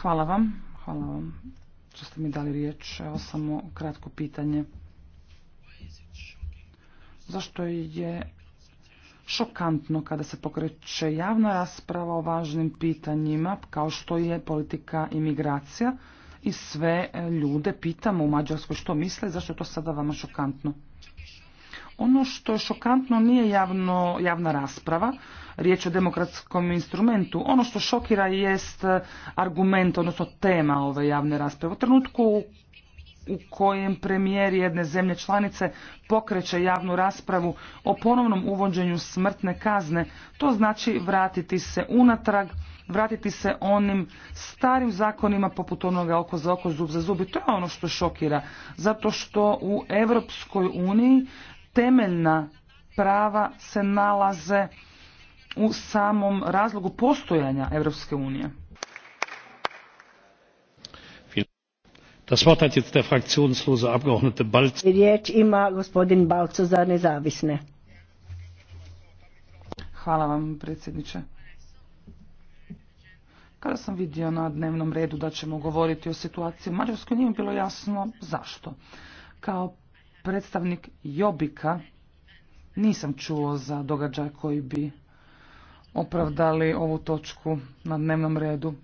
Hvala vam. Hvala vam što ste mi dali riječ. Evo samo kratko pitanje. Zašto je šokantno kada se pokreće javna rasprava o važnim pitanjima kao što je politika imigracija? i sve e, ljude pitamo u Mađarskoj što misle, zašto je to sada vama šokantno? Ono što je šokantno nije javno, javna rasprava, riječ o demokratskom instrumentu. Ono što šokira jest e, argument, odnosno tema ove javne rasprave. U trenutku u kojem premijer jedne zemlje članice pokreće javnu raspravu o ponovnom uvođenju smrtne kazne, to znači vratiti se unatrag vratiti se onim starim zakonima poput onoga oko za oko, zub za zub i to je ono što šokira. Zato što u Europskoj uniji temeljna prava se nalaze u samom razlogu postojanja Europske unije. Das Wort hat jetzt der fraktionslose Abgeordnete Balz. Riječ ima gospodin Balco za nezavisne. Hvala vam, predsjedniče. Kada sam vidio na dnevnom redu da ćemo govoriti o situaciji u Mađarskoj, nije mi bilo jasno zašto. Kao predstavnik Jobika nisam čuo za događaj koji bi opravdali ovu točku na dnevnom redu.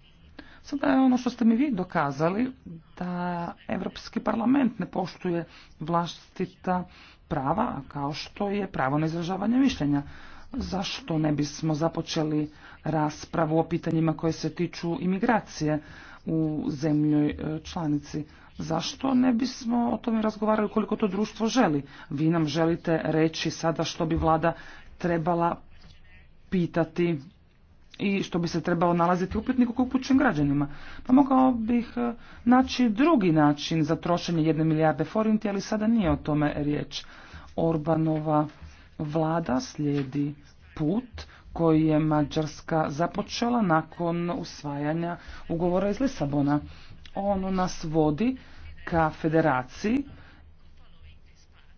Sada je ono što ste mi vi dokazali da Europski parlament ne poštuje vlastita prava kao što je pravo na izražavanje mišljenja. Zašto ne bismo započeli raspravu o pitanjima koje se tiču imigracije u zemljoj e, članici. Zašto ne bismo o tome razgovarali koliko to društvo želi? Vi nam želite reći sada što bi vlada trebala pitati i što bi se trebalo nalaziti u upitniku koji upućen građanima. Pa mogao bih e, naći drugi način za trošenje jedne milijarde forinti, ali sada nije o tome riječ. Orbanova vlada slijedi put koji je Mađarska započela nakon usvajanja ugovora iz Lisabona. Ono nas vodi ka federaciji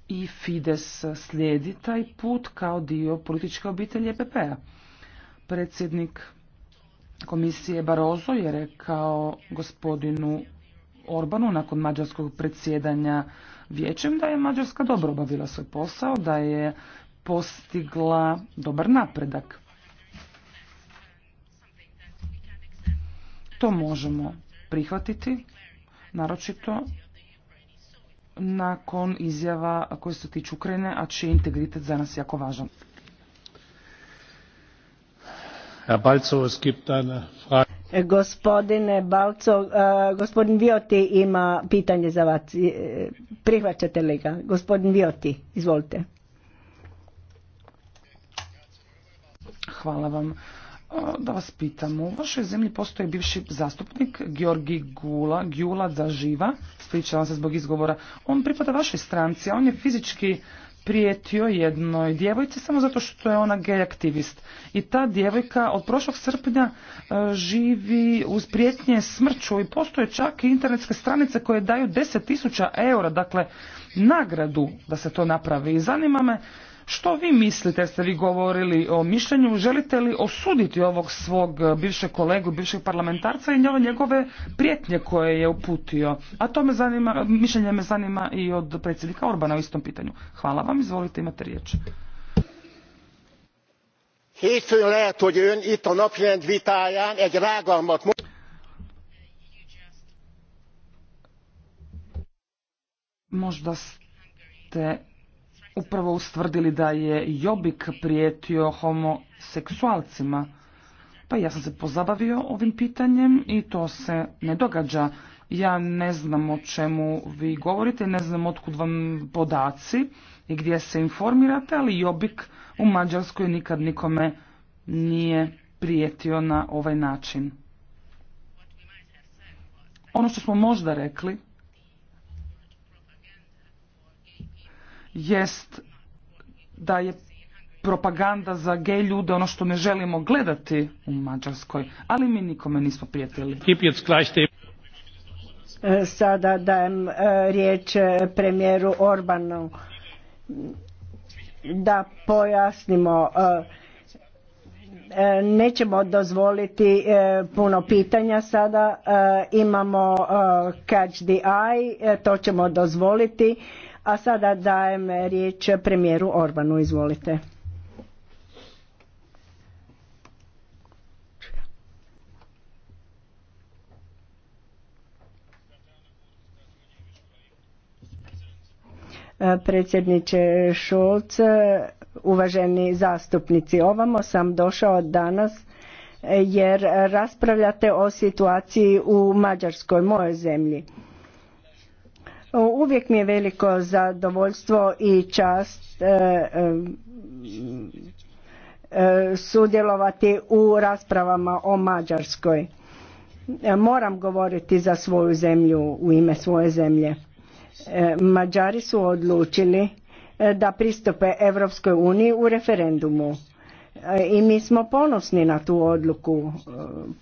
i Fides slijedi taj put kao dio političke obitelji EPP-a. Predsjednik komisije Barozo je rekao gospodinu Orbanu nakon mađarskog predsjedanja vijećem da je Mađarska dobro obavila svoj posao, da je postigla dobar napredak. To možemo prihvatiti, naročito nakon izjava koje se tiču Ukrajine, a čiji je integritet za nas jako važan. E, gospodine Balco, e, gospodin Vioti ima pitanje za vas. E, prihvaćate li ga? Gospodin Vioti, izvolite. Hvala vam da vas pitam, u vašoj zemlji postoji bivši zastupnik Georgi Gula, Gjula živa, spričavam se zbog izgovora, on pripada vašoj stranci, a on je fizički prijetio jednoj djevojci samo zato što je ona gej aktivist. I ta djevojka od prošlog srpnja e, živi uz prijetnje smrću i postoje čak i internetske stranice koje daju 10.000 eura, dakle nagradu da se to napravi. I zanima me što vi mislite, ste vi govorili o mišljenju, želite li osuditi ovog svog e, bivšeg kolegu, bivšeg parlamentarca i njegove prijetnje koje je uputio? A to me zanima, mišljenje me zanima i od predsjednika Orbana u istom pitanju. Hvala vam, izvolite, imate riječ. Možda upravo ustvrdili da je Jobik prijetio homoseksualcima. Pa ja sam se pozabavio ovim pitanjem i to se ne događa. Ja ne znam o čemu vi govorite, ne znam otkud vam podaci i gdje se informirate, ali Jobik u Mađarskoj nikad nikome nije prijetio na ovaj način. Ono što smo možda rekli jest da je propaganda za gej ljude ono što ne želimo gledati u Mađarskoj, ali mi nikome nismo prijatelji. E, sada dajem e, riječ e, premijeru Orbanu da pojasnimo nećemo dozvoliti puno pitanja sada imamo catch the eye to ćemo dozvoliti a sada dajem riječ premijeru Orbanu, izvolite. E, predsjedniče Šulc, uvaženi zastupnici, ovamo sam došao danas e, jer raspravljate o situaciji u Mađarskoj, mojoj zemlji Uvijek mi je veliko zadovoljstvo i čast e, e, e, sudjelovati u raspravama o Mađarskoj. Moram govoriti za svoju zemlju, u ime svoje zemlje. Mađari su odlučili da pristupe Europskoj uniji u referendumu. I mi smo ponosni na tu odluku.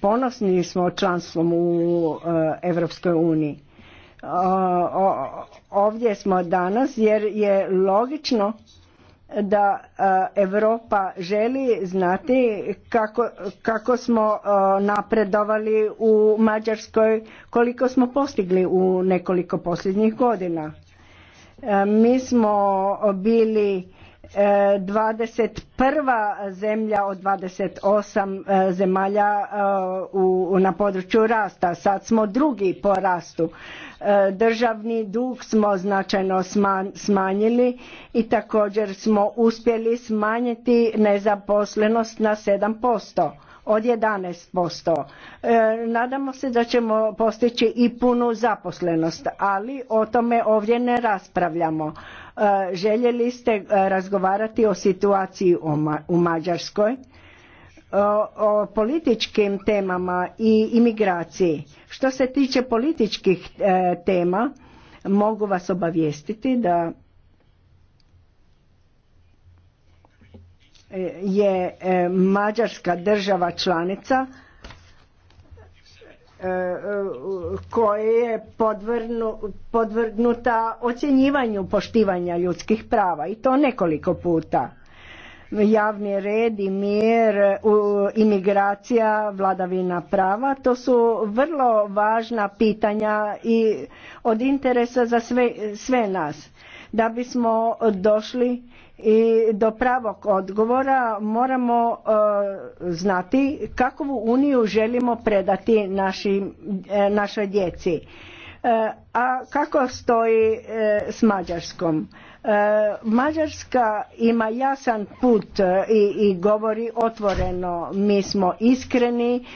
Ponosni smo članstvom u Europskoj uniji. Ovdje smo danas jer je logično da e, Europa želi znati kako, kako smo e, napredovali u Mađarskoj, koliko smo postigli u nekoliko posljednjih godina. E, mi smo bili 21. zemlja od 28 e, zemalja e, na području rasta. Sad smo drugi po rastu. E, državni dug smo značajno smanjili i također smo uspjeli smanjiti nezaposlenost na 7% od 11%. Nadamo se da ćemo postići i punu zaposlenost, ali o tome ovdje ne raspravljamo Eh, željeli ste eh, razgovarati o situaciji u Mađarskoj, o političkim temama i imigraciji. Što se tiče političkih eh, tema, mogu vas obavijestiti da je Mađarska država članica E, koje je podvrgnuta ocjenjivanju poštivanja ljudskih prava i to nekoliko puta. Javni red i mir, imigracija, vladavina prava, to su vrlo važna pitanja i od interesa za sve nas. Da bismo došli i do pravog odgovora moramo e, znati kakvu uniju želimo predati e, našoj djeci e, a kako stoji s mađarskom mađarska ima jasan put i, i govori otvoreno mi smo iskreni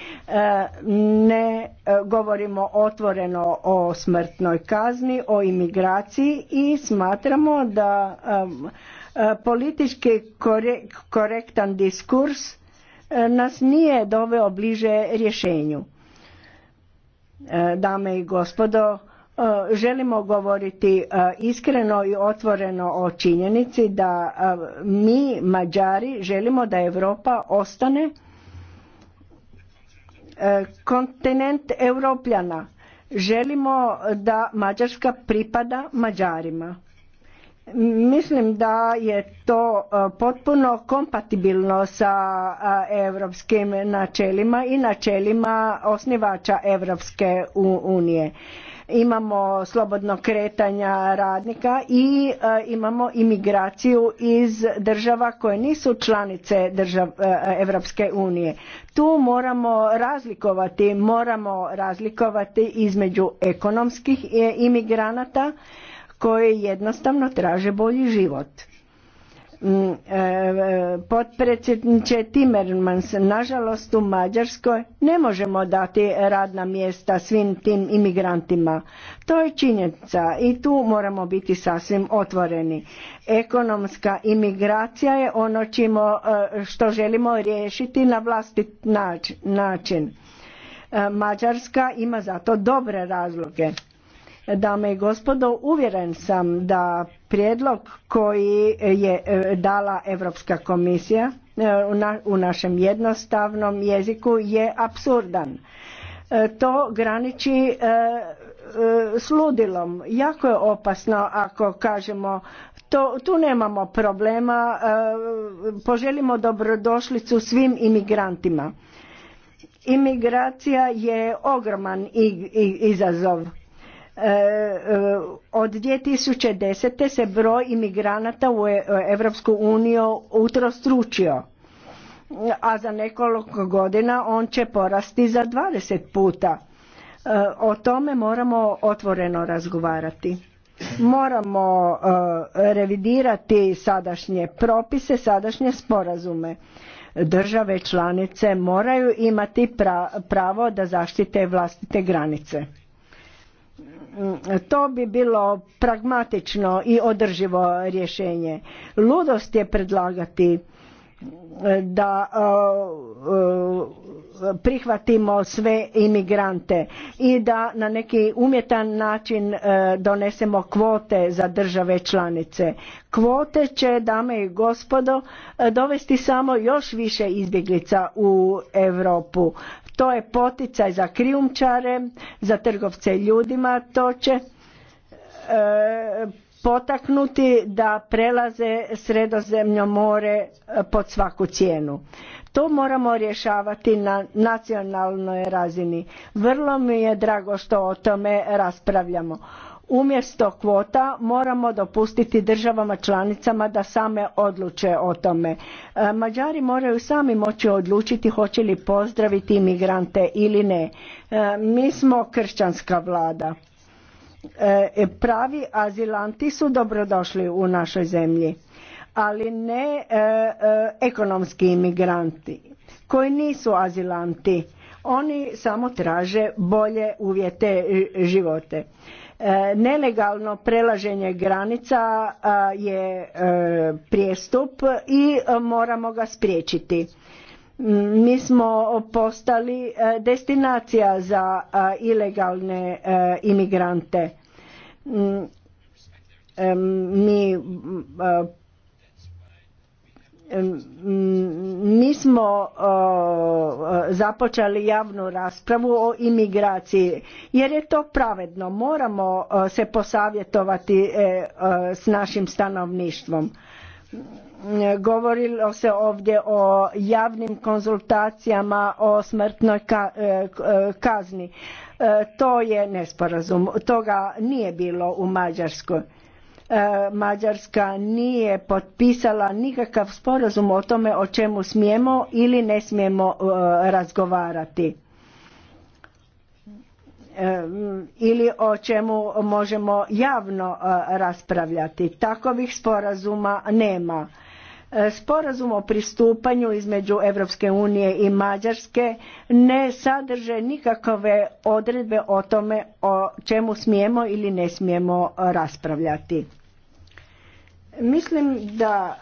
ne govorimo otvoreno o smrtnoj kazni o imigraciji i smatramo da E, politički korektan diskurs e, nas nije doveo bliže rješenju. E, dame i gospodo, želimo govoriti iskreno i otvoreno o činjenici da mi Mađari želimo da Europa ostane kontinent Europljana. Želimo da Mađarska pripada Mađarima. Mislim da je to e, potpuno kompatibilno sa europskim načelima i načelima osnivača Europske unije. Imamo slobodno kretanja radnika i e, imamo imigraciju iz država koje nisu članice držav, Europske unije. Tu moramo razlikovati, moramo razlikovati između ekonomskih imigranata koje jednostavno traže bolji život. Mm, e, potpredsjedniče Timmermans, nažalost u Mađarskoj ne možemo dati radna mjesta svim tim imigrantima. To je činjenica i tu moramo biti sasvim otvoreni. Ekonomska imigracija je ono e, što želimo riješiti na vlastit način. E, Mađarska ima zato dobre razloge Dame i gospodo, uvjeren sam da prijedlog koji je e, dala Europska komisija e, u našem jednostavnom jeziku je apsurdan. E, to graniči s ludilom. Jako je opasno ako kažemo tu nemamo problema, poželimo dobrodošlicu svim imigrantima. Imigracija je ogroman izazov E, e, od 2010. se broj imigranata u Europsku uniju utrostručio, a za nekoliko godina on će porasti za 20 puta. E, o tome moramo otvoreno razgovarati. Moramo revidirati sadašnje propise, sadašnje sporazume države članice moraju imati pravo da zaštite vlastite granice. Mm, to bi bilo pragmatično i održivo rješenje. Ludost je predlagati mm, da prihvatimo sve imigrante i da na neki umjetan način e, donesemo kvote za države članice. Kvote će, dame i gospodo, e, dovesti samo još više izbjeglica u Europu. To je poticaj za krijumčare, za trgovce ljudima, to će e, potaknuti da prelaze sredozemljo more e, pod svaku cijenu. To moramo rješavati na nacionalnoj razini. Vrlo mi je drago što o tome raspravljamo umjesto kvota moramo dopustiti državama članicama da same odluče o tome. E, Mađari moraju sami moći odlučiti hoće li pozdraviti imigrante ili ne. E, mi smo kršćanska vlada. E, pravi azilanti su dobrodošli u našoj zemlji, ali ne ekonomski imigranti koji nisu azilanti. Oni samo traže bolje uvjete živote E, nelegalno prelaženje granica e, je e, prijestup i moramo ga spriječiti mi smo postali destinacija za ilegalne imigrante mi mi smo započeli javnu raspravu o imigraciji jer je to pravedno moramo se posavjetovati e, s našim stanovništvom govorilo se ovdje o javnim konzultacijama o smrtnoj e, e, kazni to je nesporazum toga nije bilo u mađarskoj E, Mađarska nije potpisala nikakav sporazum o tome o čemu smijemo ili ne smijemo e, razgovarati e, ili o čemu možemo javno raspravljati. Takovih sporazuma nema. Sporazum o pristupanju između Europske unije i Mađarske ne sadrže nikakve odredbe o tome o čemu smijemo ili ne smijemo raspravljati. Mislim da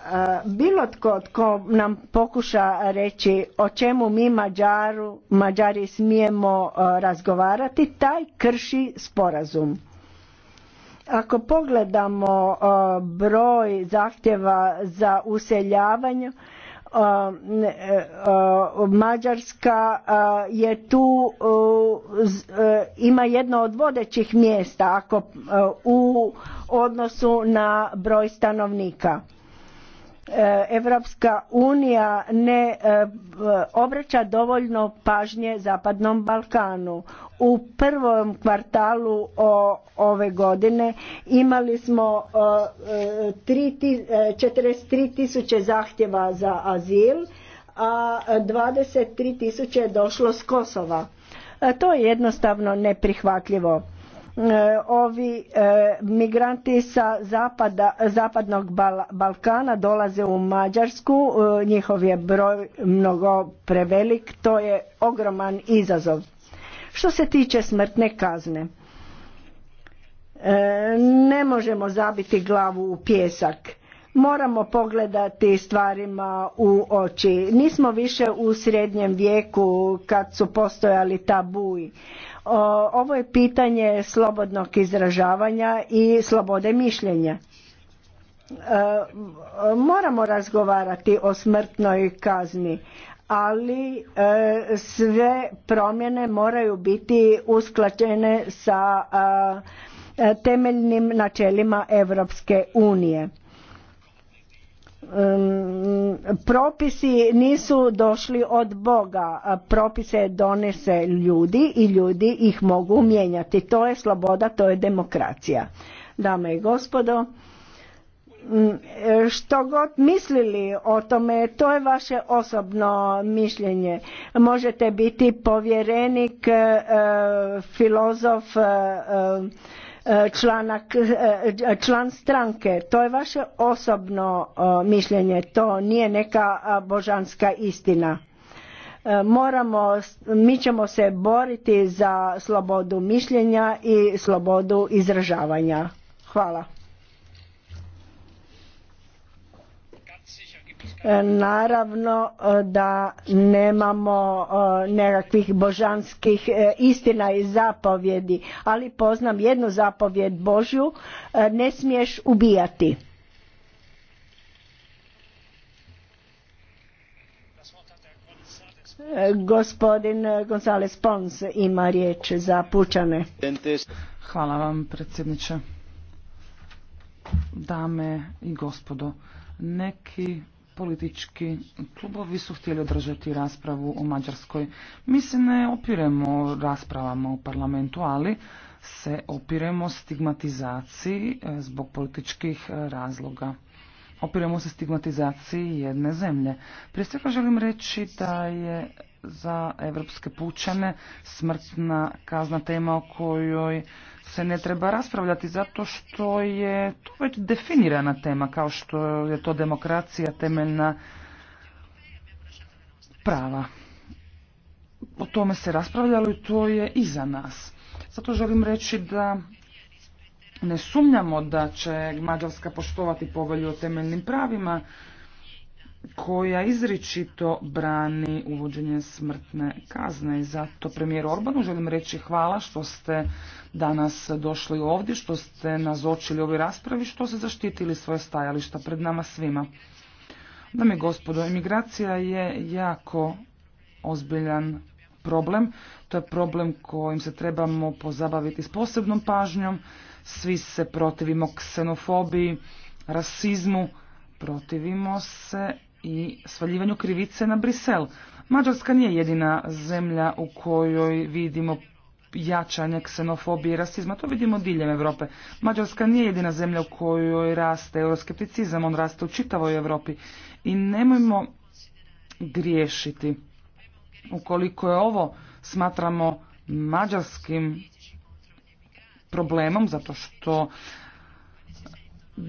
e, bilo tko tko nam pokuša reći o čemu mi Mađaru, Mađari smijemo e, razgovarati, taj krši sporazum. Ako pogledamo e, broj zahtjeva za useljavanje, E, Mađarska je tu e, ima jedno od vodećih mjesta ako e, u odnosu na broj stanovnika E, Evropska unija ne e, e, obraća dovoljno pažnje Zapadnom Balkanu. U prvom kvartalu ove godine imali smo 43 tisuće zahtjeva za azil, a 23 tisuće je došlo s Kosova. To je jednostavno neprihvatljivo E, ovi e, migranti sa zapadnog Balkana dolaze u Mađarsku, e, njihov je broj mnogo prevelik, to je ogroman izazov. Što se tiče smrtne kazne, ne možemo zabiti glavu u pjesak. Moramo pogledati stvarima u oči. Nismo više u srednjem vijeku kad su postojali tabuji. Ovo je pitanje slobodnog izražavanja i slobode mišljenja. E, moramo razgovarati o smrtnoj kazni, ali e, sve promjene moraju biti usklađene sa e, temeljnim načelima Europske unije propisi nisu došli od Boga, propise donese ljudi i ljudi ih mogu mijenjati. To je sloboda, to je demokracija. Dame i gospodo, e, što god mislili o tome, to je vaše osobno mišljenje. Možete biti povjerenik, e, filozof, e, E, članak, e, e, član stranke. To je vaše osobno mišljenje, to nije neka božanska istina. Moramo, mi ćemo se boriti za slobodu mišljenja i slobodu izražavanja. Hvala. E, naravno e, da nemamo e, nekakvih božanskih istina i zapovjedi, ali poznam jednu zapovjed Božju, ne smiješ ubijati. Gospodin Gonzales Pons ima riječ za pučane. Hvala vam predsjedniče. Dame i gospodo, neki politički klubovi su htjeli održati raspravu o Mađarskoj. Mi se ne opiremo raspravama u parlamentu, ali se opiremo stigmatizaciji e, zbog političkih e, razloga. Opiremo se stigmatizaciji jedne zemlje. Prije svega želim reći da je za evropske pučane smrtna kazna tema o kojoj se ne treba raspravljati zato što je to već definirana tema kao što je to demokracija temeljna prava. O tome se raspravljalo i to je iza nas. Zato želim reći da ne sumnjamo da će Mađarska poštovati povelju o temeljnim pravima koja izričito brani uvođenje smrtne kazne i zato premijer Orbanu želim reći hvala što ste danas došli ovdje, što ste nazočili ovoj raspravi, što ste zaštitili svoje stajališta pred nama svima. Dame i gospodo, imigracija je jako ozbiljan problem. To je problem kojim se trebamo pozabaviti s posebnom pažnjom. Svi se protivimo ksenofobiji, rasizmu, protivimo se i svaljivanju krivice na Brisel. Mađarska nije jedina zemlja u kojoj vidimo jačanje ksenofobije i rasizma. To vidimo diljem Europe. Mađarska nije jedina zemlja u kojoj raste euroskepticizam, on raste u čitavoj Europi. I nemojmo griješiti. Ukoliko je ovo smatramo mađarskim problemom, zato što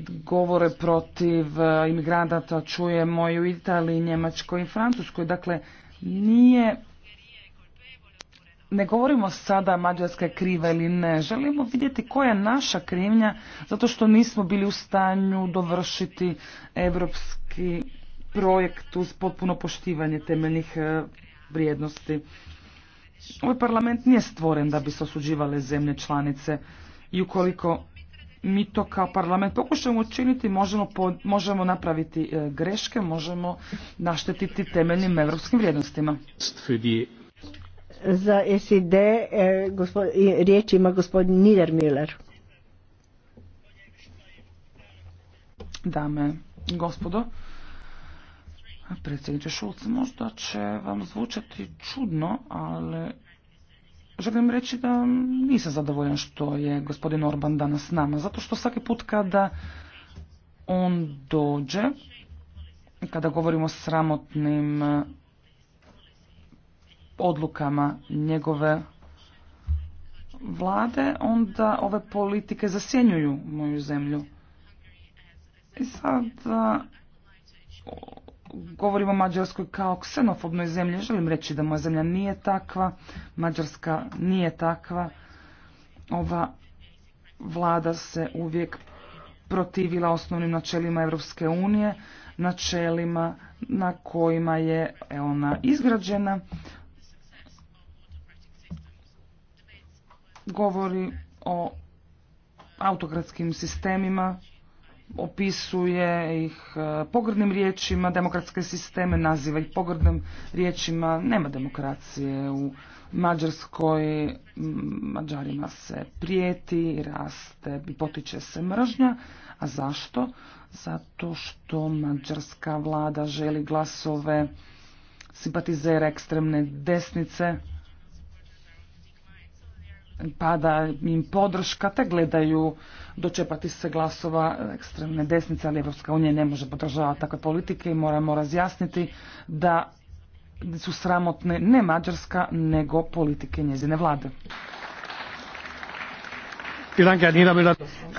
govore protiv eh, imigranata čujemo i u Italiji, Njemačkoj i Francuskoj. Dakle, nije... Ne govorimo sada Mađarska je kriva ili ne. Želimo vidjeti koja je naša krivnja zato što nismo bili u stanju dovršiti evropski projekt uz potpuno poštivanje temeljnih eh, vrijednosti. Ovaj parlament nije stvoren da bi se osuđivale zemlje članice i ukoliko mi to kao parlament pokušamo učiniti, možemo, možemo napraviti e, greške, možemo naštetiti temeljnim evropskim vrijednostima. Za SID e, gospod, riječ ima gospodin Miller. Dame, gospodo, predsjedniče Šulce, možda će vam zvučati čudno, ali želim reći da nisam zadovoljan što je gospodin Orban danas s nama, zato što svaki put kada on dođe, kada govorimo o sramotnim e, odlukama njegove vlade, onda ove politike zasjenjuju moju zemlju. I sada govorimo o Mađarskoj kao ksenofobnoj zemlji, želim reći da moja zemlja nije takva, Mađarska nije takva. Ova vlada se uvijek protivila osnovnim načelima Europske unije, načelima na kojima je ona izgrađena. Govori o autokratskim sistemima opisuje ih e, pogrdnim riječima, demokratske sisteme naziva ih pogrdnim riječima, nema demokracije u Mađarskoj, Mađarima se prijeti, raste i potiče se mržnja. A zašto? Zato što mađarska vlada želi glasove simpatizera ekstremne desnice, pada im podrška, te gledaju dočepati se glasova ekstremne desnice, ali Evropska unija ne može podržavati takve politike i moramo razjasniti da su sramotne ne Mađarska, nego politike njezine vlade.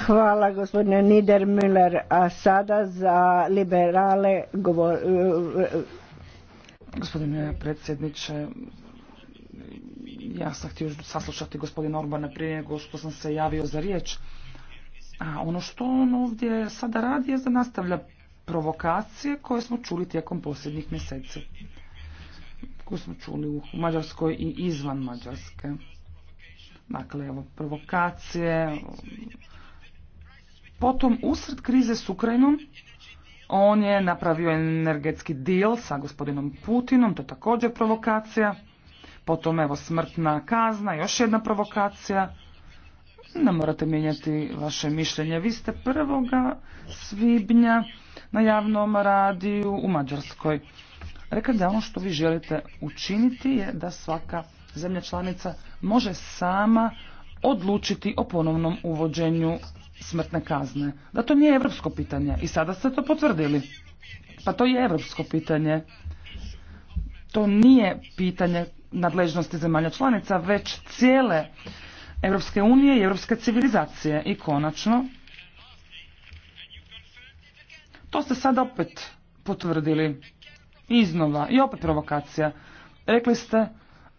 Hvala gospodine Niedermüller. A sada za liberale govor... Gospodine predsjedniče, ja sam htio saslušati gospodina Orbana prije nego što sam se javio za riječ. A ono što on ovdje sada radi je da nastavlja provokacije koje smo čuli tijekom posljednjih mjeseci. Koje smo čuli u Mađarskoj i izvan Mađarske. Dakle, evo, provokacije. Potom, usred krize s Ukrajinom, on je napravio energetski deal sa gospodinom Putinom, to je također provokacija. Potom evo smrtna kazna, još jedna provokacija. Ne morate mijenjati vaše mišljenje. Vi ste prvoga svibnja na javnom radiju u Mađarskoj. Rekli da ono što vi želite učiniti je da svaka zemlja članica može sama odlučiti o ponovnom uvođenju smrtne kazne. Da to nije evropsko pitanje. I sada ste to potvrdili. Pa to je evropsko pitanje. To nije pitanje nadležnosti zemalja članica, već cijele Europske unije i europske civilizacije. I konačno, to ste sad opet potvrdili. Iznova i opet provokacija. Rekli ste,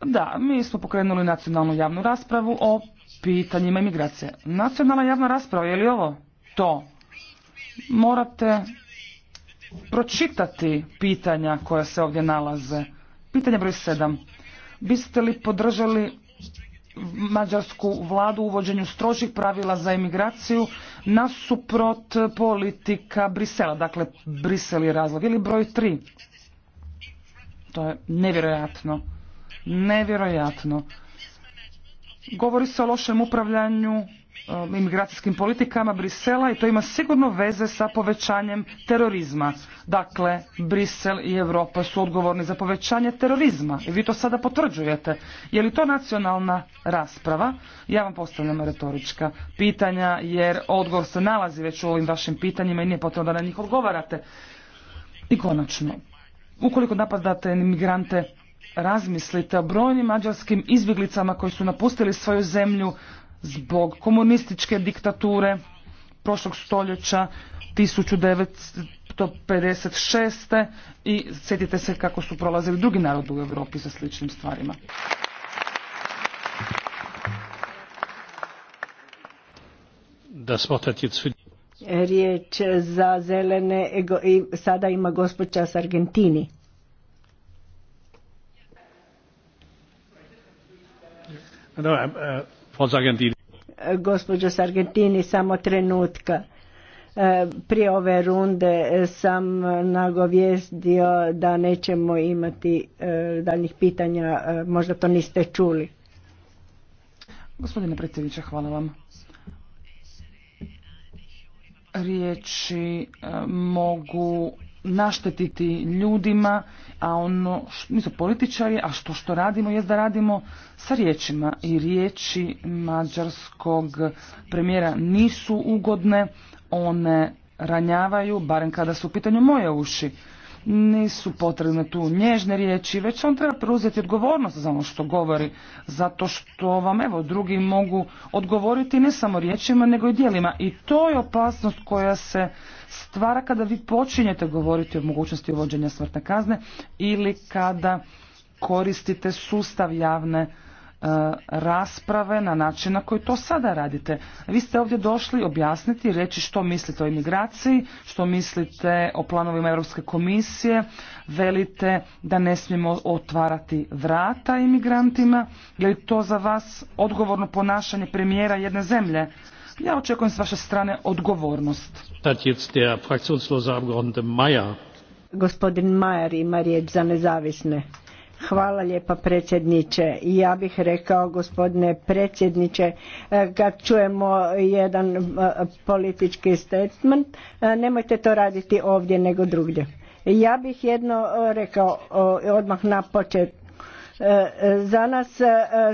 da, mi smo pokrenuli nacionalnu javnu raspravu o pitanjima imigracije. Nacionalna javna rasprava, je li ovo to? Morate pročitati pitanja koja se ovdje nalaze. Pitanje broj sedam. Biste li podržali mađarsku vladu u uvođenju strožih pravila za imigraciju nasuprot politika Brisela. Dakle, Brisel je razlog. Ili broj tri. To je nevjerojatno. Nevjerojatno. Govori se o lošem upravljanju Um, imigracijskim politikama Brisela i to ima sigurno veze sa povećanjem terorizma. Dakle, Brisel i Europa su odgovorni za povećanje terorizma i vi to sada potvrđujete. Je li to nacionalna rasprava? Ja vam postavljam retorička pitanja jer odgovor se nalazi već u ovim vašim pitanjima i nije potrebno da na njih odgovarate. I konačno, ukoliko napadate imigrante razmislite o brojnim mađarskim izbjeglicama koji su napustili svoju zemlju zbog komunističke diktature prošlog stoljeća 1956. i sjetite se kako su prolazili drugi narodi u Europi sa sličnim stvarima. Riječ za zelene i sada ima gospođa s Argentini. No, eh, E, gospođo s Argentini, samo trenutka. E, prije ove runde e, sam nagovijestio da nećemo imati daljnjih pitanja, možda to niste čuli. Gospodine predsjedniče, hvala vam. Riječi mogu naštetiti ljudima, a ono, mi su političari, a što što radimo je da radimo sa riječima. I riječi mađarskog premijera nisu ugodne, one ranjavaju, barem kada su u pitanju moje uši. Nisu potrebne tu nježne riječi, već on treba preuzeti odgovornost za ono što govori, zato što vam, evo, drugi mogu odgovoriti ne samo riječima, nego i djelima. I to je opasnost koja se stvara kada vi počinjete govoriti o mogućnosti uvođenja smrtne kazne ili kada koristite sustav javne e, rasprave na način na koji to sada radite. Vi ste ovdje došli objasniti i reći što mislite o imigraciji, što mislite o planovima Europske komisije, velite da ne smijemo otvarati vrata imigrantima, je li to za vas odgovorno ponašanje premijera jedne zemlje? Ja očekujem s vaše strane odgovornost. Gospodin Majer ima riječ za nezavisne. Hvala lijepa predsjedniče. Ja bih rekao gospodine predsjedniče e, kad čujemo jedan e, politički statement e, nemojte to raditi ovdje nego drugdje. Ja bih jedno rekao odmah na počet za nas e,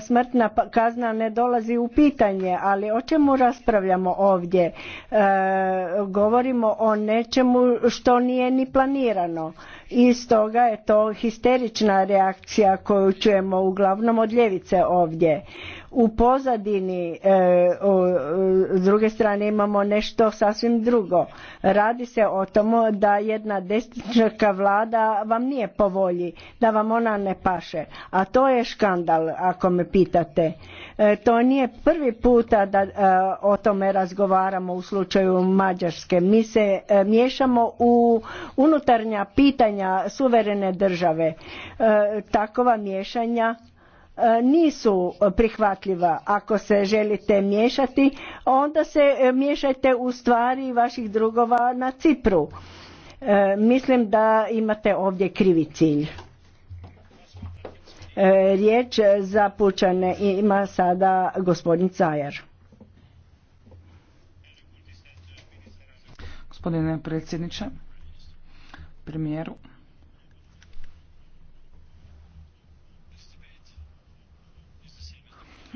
smrtna pa- kazna ne dolazi u pitanje, ali o čemu raspravljamo ovdje? E, govorimo o nečemu što nije ni planirano i stoga je to histerična reakcija koju čujemo uglavnom od ljevice ovdje u pozadini e, s druge strane imamo nešto sasvim drugo. Radi se o tomu da jedna desnička vlada vam nije po volji, da vam ona ne paše. A to je škandal ako me pitate. E, to nije prvi puta da e, o tome razgovaramo u slučaju Mađarske. Mi se miješamo u unutarnja pitanja suverene države. Takova miješanja E, nisu prihvatljiva. Ako se želite miješati, onda se e, miješajte u stvari vaših drugova na Cipru. E, mislim da imate ovdje krivi cilj. Riječ za pučane ima sada gospodin Cajar. Gospodine predsjedniče, premijeru,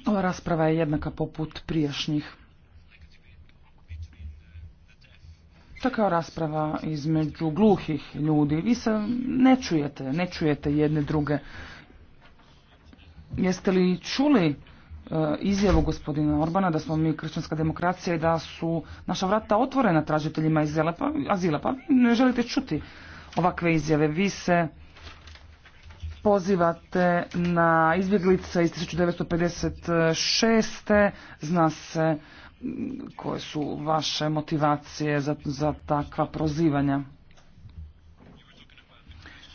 Ova rasprava je jednaka poput prijašnjih. To rasprava između gluhih ljudi. Vi se ne čujete, ne čujete jedne druge. Jeste li čuli e, izjavu gospodina Orbana da smo mi kršćanska demokracija i da su naša vrata otvorena tražiteljima iz pa, azila, pa ne želite čuti ovakve izjave. Vi se pozivate na izbjeglice iz 1956. Zna se koje su vaše motivacije za, za takva prozivanja.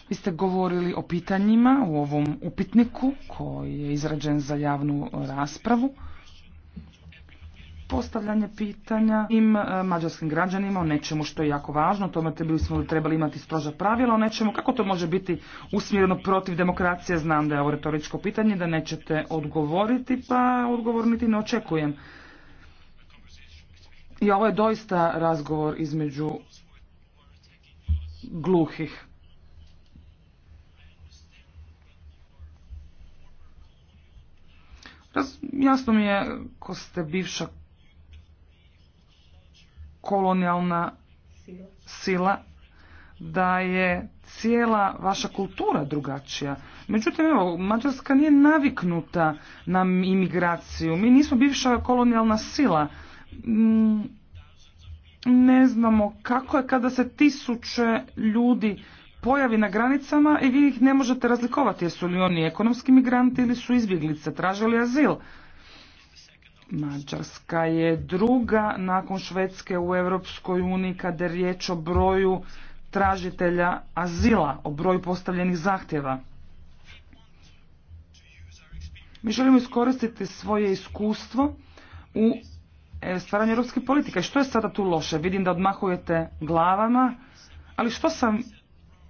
Vi ste govorili o pitanjima u ovom upitniku koji je izrađen za javnu raspravu postavljanje pitanja im e, mađarskim građanima o nečemu što je jako važno, o tome bismo trebali imati stroža pravila o nečemu, kako to može biti usmjereno protiv demokracije, znam da je ovo retoričko pitanje, da nećete odgovoriti, pa odgovor niti ne očekujem. I ovo je doista razgovor između gluhih. Jasno mi je ko ste bivša kolonijalna sila, da je cijela vaša kultura drugačija. Međutim, evo, Mađarska nije naviknuta na imigraciju. Mi nismo bivša kolonijalna sila. Mm, ne znamo kako je kada se tisuće ljudi pojavi na granicama i vi ih ne možete razlikovati jesu li oni ekonomski migranti ili su izbjeglice, tražili azil. Mađarska je druga nakon Švedske u Europskoj uniji kada je riječ o broju tražitelja azila, o broju postavljenih zahtjeva. Mi želimo iskoristiti svoje iskustvo u e, stvaranju europske politike. što je sada tu loše? Vidim da odmahujete glavama, ali što sam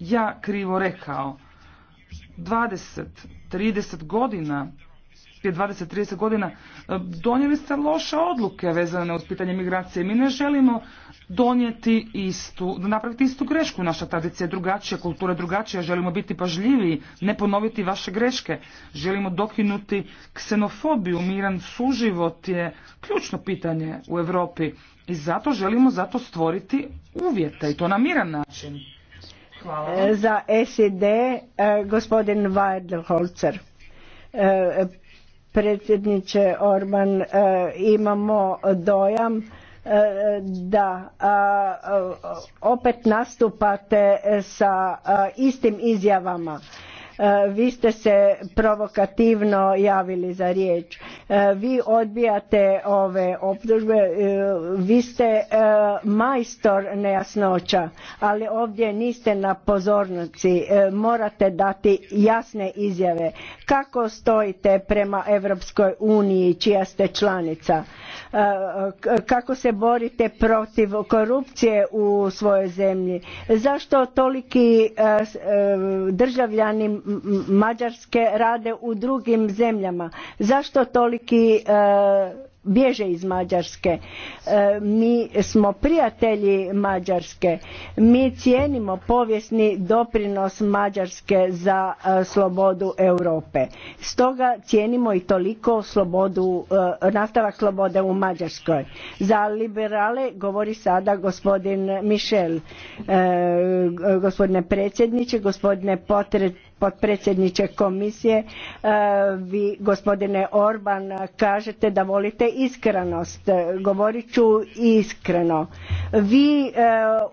ja krivo rekao? 20, 30 godina prije 20-30 godina e, donijeli ste loše odluke vezane uz pitanje migracije. Mi ne želimo donijeti istu, napraviti istu grešku. Naša tradicija je drugačija, kultura drugačija. Želimo biti pažljiviji, ne ponoviti vaše greške. Želimo dokinuti ksenofobiju. Miran suživot je ključno pitanje u Europi i zato želimo zato stvoriti uvjete i to na miran način. Hvala. E, za SED e, gospodin Weidelholzer predsjedniče Orban, e, imamo dojam e, da e, opet nastupate sa istim izjavama E, vi ste se provokativno javili za riječ. E, vi odbijate ove optužbe, e, vi ste majstor nejasnoća, ali ovdje niste na pozornici. Morate dati jasne izjave kako stojite prema Europskoj uniji čija ste članica kako se borite protiv korupcije u svojoj zemlji zašto toliki e, e, državljani mađarske rade u drugim zemljama zašto toliki e, bježe iz Mađarske. E, mi smo prijatelji Mađarske. Mi cijenimo povijesni doprinos Mađarske za e, slobodu Europe. Stoga cijenimo i toliko slobodu, e, nastavak slobode u Mađarskoj. Za liberale govori sada gospodin Michel. Gospodine predsjedniče, gospodine potre potpredsjedniče komisije, e, vi gospodine Orban kažete da volite iskrenost, e, govorit ću iskreno. Vi e,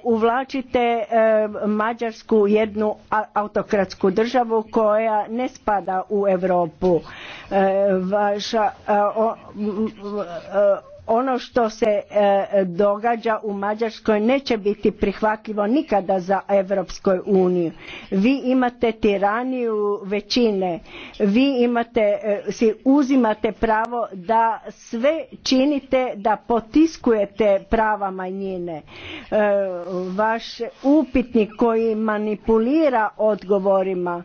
uvlačite Mađarsku jednu autokratsku državu koja ne spada u Europu. Vaša ono što se e, događa u Mađarskoj neće biti prihvatljivo nikada za Europskoj uniju. Vi imate tiraniju većine, vi imate, e, si uzimate pravo da sve činite da potiskujete prava manjine. E, vaš upitnik koji manipulira odgovorima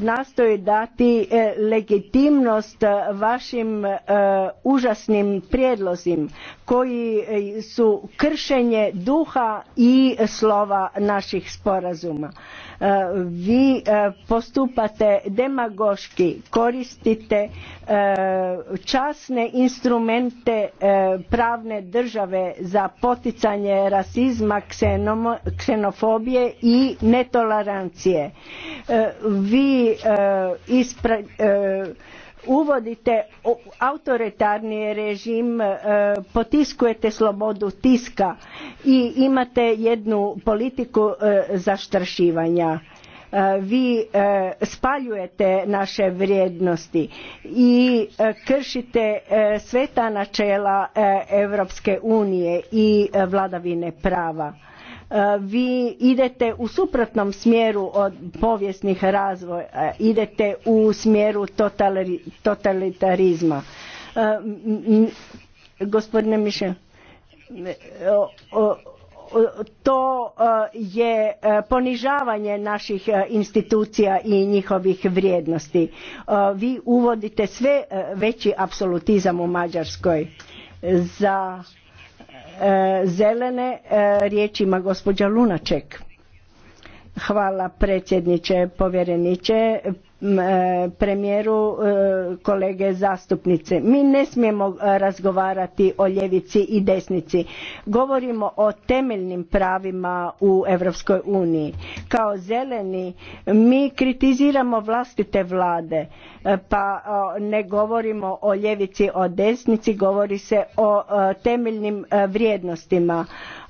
nastoji dati e, legitimnost e, vašim e, užasnim prijedlozima koji su kršenje duha i slova naših sporazuma. Vi postupate demagoški, koristite časne instrumente pravne države za poticanje rasizma, ksenofobije i netolerancije vi e, e, uvodite autoritarni režim, e, potiskujete slobodu tiska i imate jednu politiku zaštrašivanja. Vi spaljujete naše vrijednosti i kršite sveta ta načela Europske unije i vladavine prava E, vi idete u suprotnom smjeru od povijesnih razvoja, e, idete u smjeru totalitarizma. E, gospodine Miše, to je ponižavanje naših institucija i njihovih vrijednosti. Vi uvodite sve veći apsolutizam u Mađarskoj za E, zelene e, riječ ima gospođa Lunaček. Hvala predsjedniče, povjereniče. E, premijeru, e, kolege zastupnice. Mi ne smijemo e, razgovarati o ljevici i desnici. Govorimo o temeljnim pravima u Europskoj uniji. Kao zeleni mi kritiziramo vlastite vlade, pa ne govorimo o ljevici, o desnici, govori se o temeljnim vrijednostima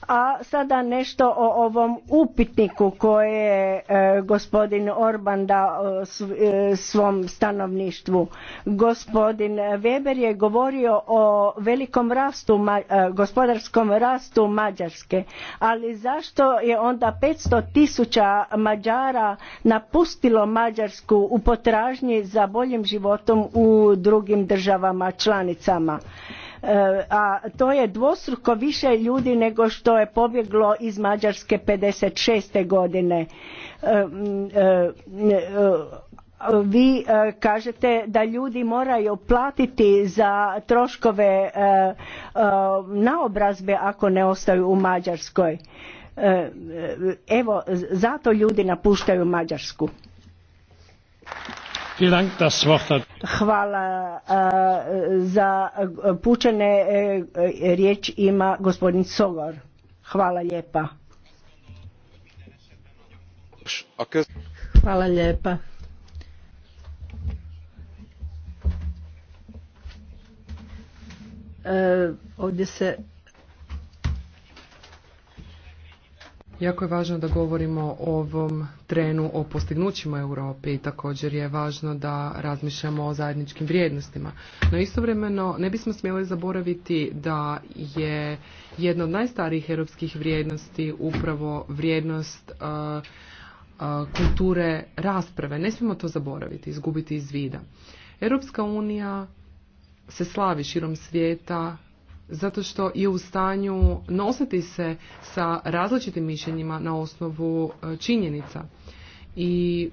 a sada nešto o ovom upitniku koje je gospodin Orban dao e, e, svom stanovništvu. Gospodin Weber je govorio o velikom rastu, e, gospodarskom rastu Mađarske, ali zašto je onda 500 tisuća Mađara napustilo Mađarsku u potražnji za boljim životom u drugim državama članicama? a to je dvostruko više ljudi nego što je pobjeglo iz Mađarske 56. godine. E, e, e, vi kažete da ljudi moraju platiti za troškove naobrazbe ako ne ostaju u Mađarskoj. Evo, zato ljudi napuštaju Mađarsku. Hvala za pučene e, e, riječ ima gospodin Sogor. Hvala lijepa. Hvala lijepa. E, ovdje se Jako je važno da govorimo o ovom trenu, o postignućima Europi i također je važno da razmišljamo o zajedničkim vrijednostima. No istovremeno ne bismo smjeli zaboraviti da je jedna od najstarijih europskih vrijednosti upravo vrijednost e, e, kulture rasprave. Ne smijemo to zaboraviti, izgubiti iz vida. Europska unija se slavi širom svijeta zato što je u stanju nositi se sa različitim mišljenjima na osnovu e, činjenica i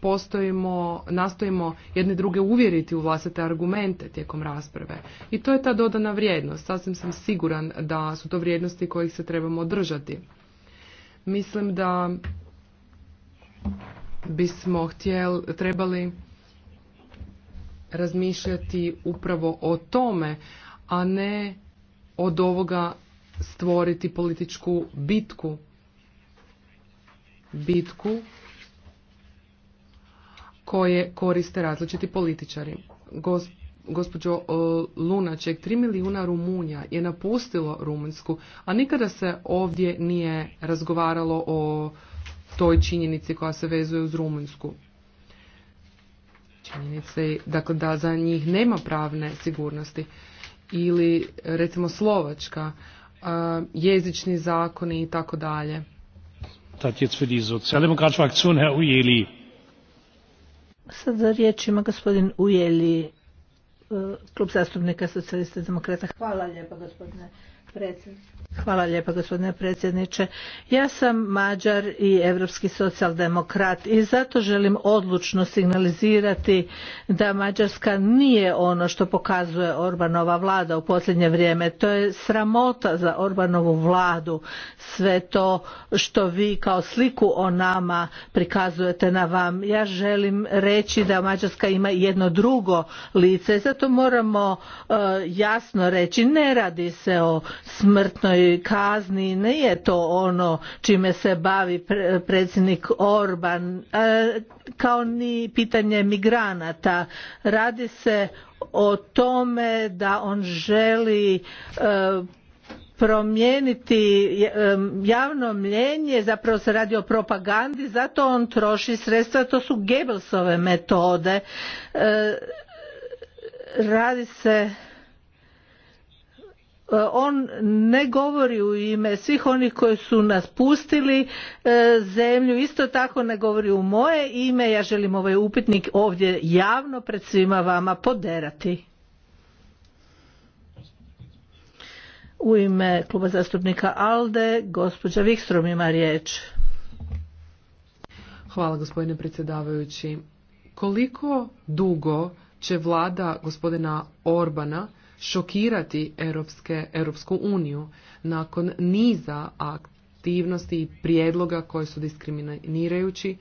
postojimo, nastojimo jedne druge uvjeriti u vlastite argumente tijekom rasprave. I to je ta dodana vrijednost. Sasvim sam siguran da su to vrijednosti kojih se trebamo držati. Mislim da bismo htjeli, trebali razmišljati upravo o tome, a ne od ovoga stvoriti političku bitku. Bitku koje koriste različiti političari. Gos, gospođo e, Lunaček, 3 milijuna Rumunja je napustilo Rumunjsku, a nikada se ovdje nije razgovaralo o toj činjenici koja se vezuje uz Rumunjsku. Činjenice, dakle, da za njih nema pravne sigurnosti ili recimo Slovačka, jezični zakoni i tako dalje. sad za riječ ima gospodin Ujeli, e, klub zastupnika socijalista i demokrata. Hvala lijepa gospodine Hvala lijepa gospodine predsjedniče. Ja sam Mađar i europski socijaldemokrat i zato želim odlučno signalizirati da Mađarska nije ono što pokazuje Orbanova vlada u posljednje vrijeme. To je sramota za Orbanovu vladu. Sve to što vi kao sliku o nama prikazujete na vam. Ja želim reći da Mađarska ima jedno drugo lice. i Zato moramo e, jasno reći ne radi se o smrtnoj kazni nije to ono čime se bavi predsjednik Orban e, kao ni pitanje migranata radi se o tome da on želi e, promijeniti e, javno mljenje zapravo se radi o propagandi zato on troši sredstva to su Goebbelsove metode radi se E, on ne govori u ime svih onih koji su napustili e, zemlju isto tako ne govori u moje ime ja želim ovaj upitnik ovdje javno pred svima vama poderati u ime kluba zastupnika ALDE gospođa Vikstrom ima riječ Hvala gospodine predsjedavajući koliko dugo će vlada gospodina Orbana šokirati Europske, Europsku uniju nakon niza aktivnosti i prijedloga koji su diskriminirajući.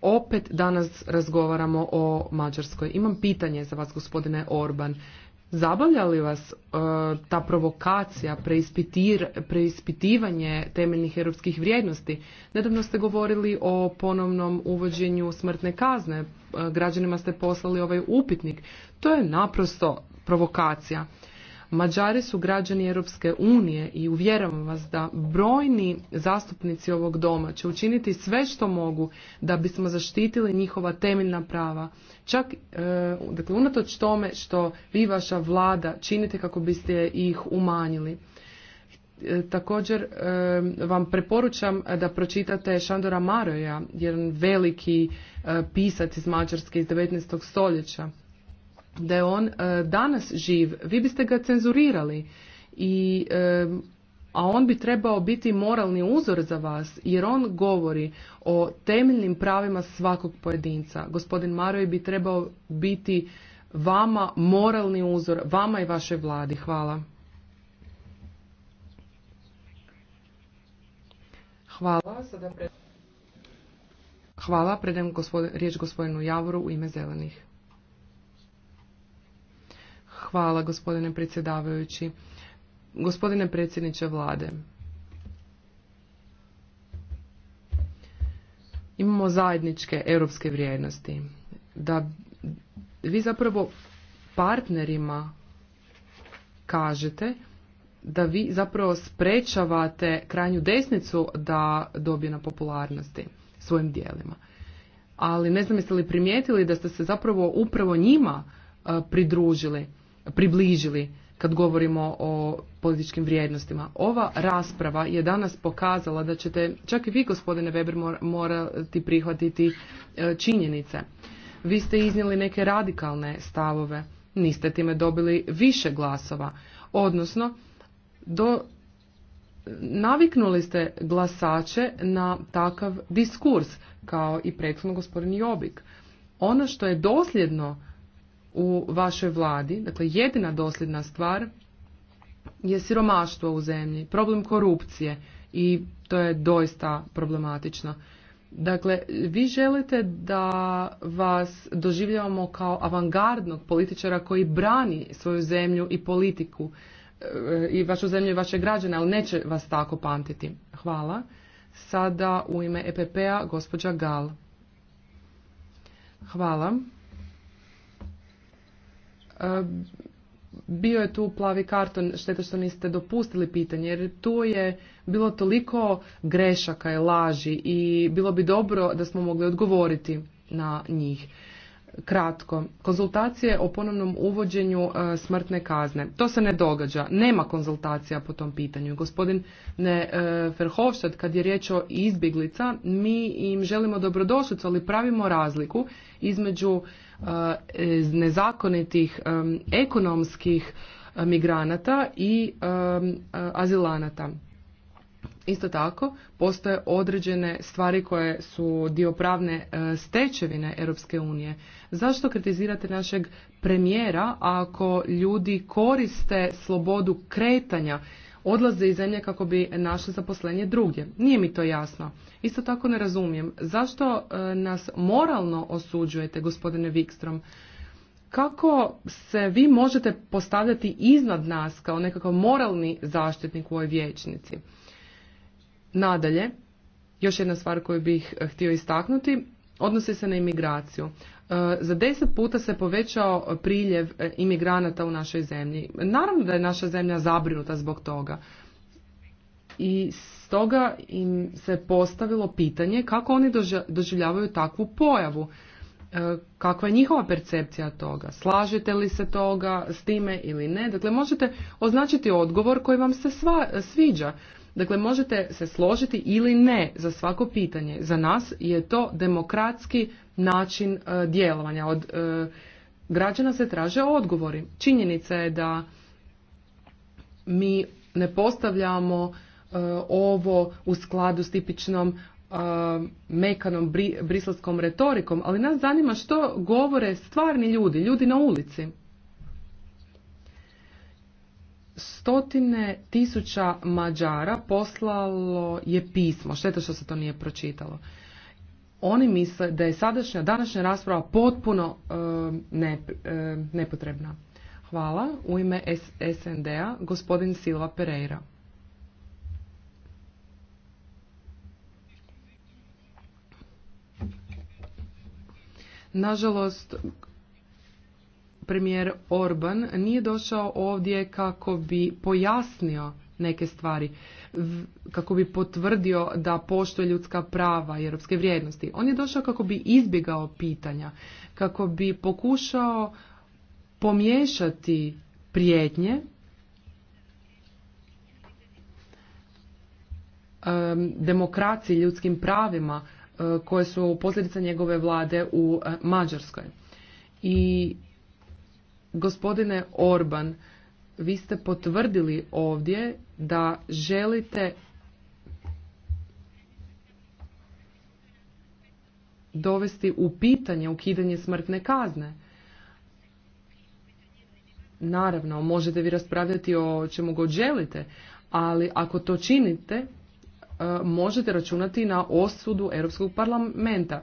Opet danas razgovaramo o Mađarskoj. Imam pitanje za vas, gospodine Orban. Zabavlja li vas e, ta provokacija, preispitivanje temeljnih europskih vrijednosti? Nedavno ste govorili o ponovnom uvođenju smrtne kazne. E, građanima ste poslali ovaj upitnik. To je naprosto provokacija. Mađari su građani Europske unije i uvjeravam vas da brojni zastupnici ovog doma će učiniti sve što mogu da bismo zaštitili njihova temeljna prava. Čak, e, dakle, unatoč tome što vi vaša vlada činite kako biste ih umanjili. E, također e, vam preporučam da pročitate Šandora Maroja, jedan veliki pisac iz Mađarske iz 19. stoljeća da je on e, danas živ, vi biste ga cenzurirali i e, a on bi trebao biti moralni uzor za vas, jer on govori o temeljnim pravima svakog pojedinca. Gospodin Maroj bi trebao biti vama moralni uzor, vama i vašoj vladi. Hvala. Hvala. Hvala. riječ gospodinu Javoru u ime zelenih. Hvala gospodine predsjedavajući. Gospodine predsjedniče vlade, imamo zajedničke europske vrijednosti. Da vi zapravo partnerima kažete da vi zapravo sprečavate krajnju desnicu da dobije na popularnosti svojim dijelima. Ali ne znam jeste li primijetili da ste se zapravo upravo njima e, pridružili približili kad govorimo o političkim vrijednostima. Ova rasprava je danas pokazala da ćete, čak i vi gospodine Weber morati prihvatiti e, činjenice. Vi ste iznijeli neke radikalne stavove, niste time dobili više glasova, odnosno do, naviknuli ste glasače na takav diskurs, kao i prethodno gospodin Jobik. Ono što je dosljedno u vašoj vladi, dakle jedina dosljedna stvar je siromaštvo u zemlji, problem korupcije i to je doista problematično. Dakle, vi želite da vas doživljavamo kao avangardnog političara koji brani svoju zemlju i politiku eh, i vašu zemlju i vaše građane, ali neće vas tako pamtiti. Hvala. Sada u ime EPP-a gospođa Gal. Hvala bio je tu plavi karton, šteta što niste dopustili pitanje, jer tu je bilo toliko grešaka i laži i bilo bi dobro da smo mogli odgovoriti na njih. Kratko, konzultacije o ponovnom uvođenju e, smrtne kazne. To se ne događa, nema konzultacija po tom pitanju. Gospodin ne, e, kad je riječ o izbjeglica, mi im želimo dobrodošlicu, ali pravimo razliku između Eh, nezakonitih ekonomskih eh, migranata i eh, azilanata. Isto tako, postoje određene stvari koje su dio pravne stečevine Europske unije. Zašto kritizirate našeg premijera ako ljudi koriste slobodu kretanja odlaze iz zemlje kako bi našli zaposlenje drugdje. Nije mi to jasno. Isto tako ne razumijem. Zašto e, nas moralno osuđujete, gospodine Wikstrom? Kako se vi možete postavljati iznad nas kao nekakav moralni zaštitnik u ovoj vječnici? Nadalje, još jedna stvar koju bih htio istaknuti, odnosi se na imigraciju. E, za deset puta se povećao priljev e, imigranata u našoj zemlji. Naravno da je naša zemlja zabrinuta zbog toga. I stoga im se postavilo pitanje kako oni doživljavaju takvu pojavu. E, kakva je njihova percepcija toga? Slažete li se toga s time ili ne? Dakle, možete označiti odgovor koji vam se sviđa. Dakle, možete se složiti ili ne za svako pitanje. Za nas je to demokratski način e, djelovanja. Od e, građana se traže odgovori. Činjenica je da mi ne postavljamo e, ovo u skladu s tipičnom mekanom bri, briselskom retorikom, ali nas zanima što govore stvarni ljudi, ljudi na ulici stotine tisuća Mađara poslalo je pismo, šteta što se to nije pročitalo. Oni misle da je sadašnja, današnja rasprava potpuno ne, nepotrebna. Hvala. U ime SND-a gospodin Silva Pereira. Nažalost, premijer Orban nije došao ovdje kako bi pojasnio neke stvari, kako bi potvrdio da poštuje ljudska prava i europske vrijednosti. On je došao kako bi izbjegao pitanja, kako bi pokušao pomiješati prijetnje demokraciji, ljudskim pravima eh, koje su posljedica njegove vlade u eh, Mađarskoj. I Gospodine Orban, vi ste potvrdili ovdje da želite dovesti u pitanje ukidanje smrtne kazne. Naravno, možete vi raspravljati o čemu god želite, ali ako to činite, e, možete računati na osudu Europskog parlamenta.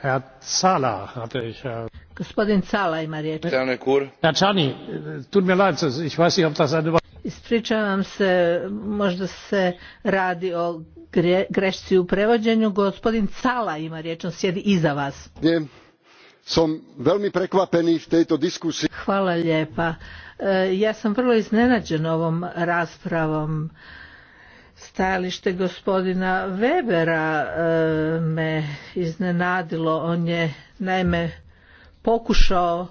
Herr sala hatte ich. Äh, ima riječ. Herr Čani, Ispričavam se, možda se radi o grešci u prevođenju. Gospodin Cala ima riječ, on sjedi iza vas. Som veľmi prekvapený v tejto diskusii. Hvala lijepa. E, ja sam vrlo iznenađen ovom raspravom stajalište gospodina Webera e, me iznenadilo. On je naime pokušao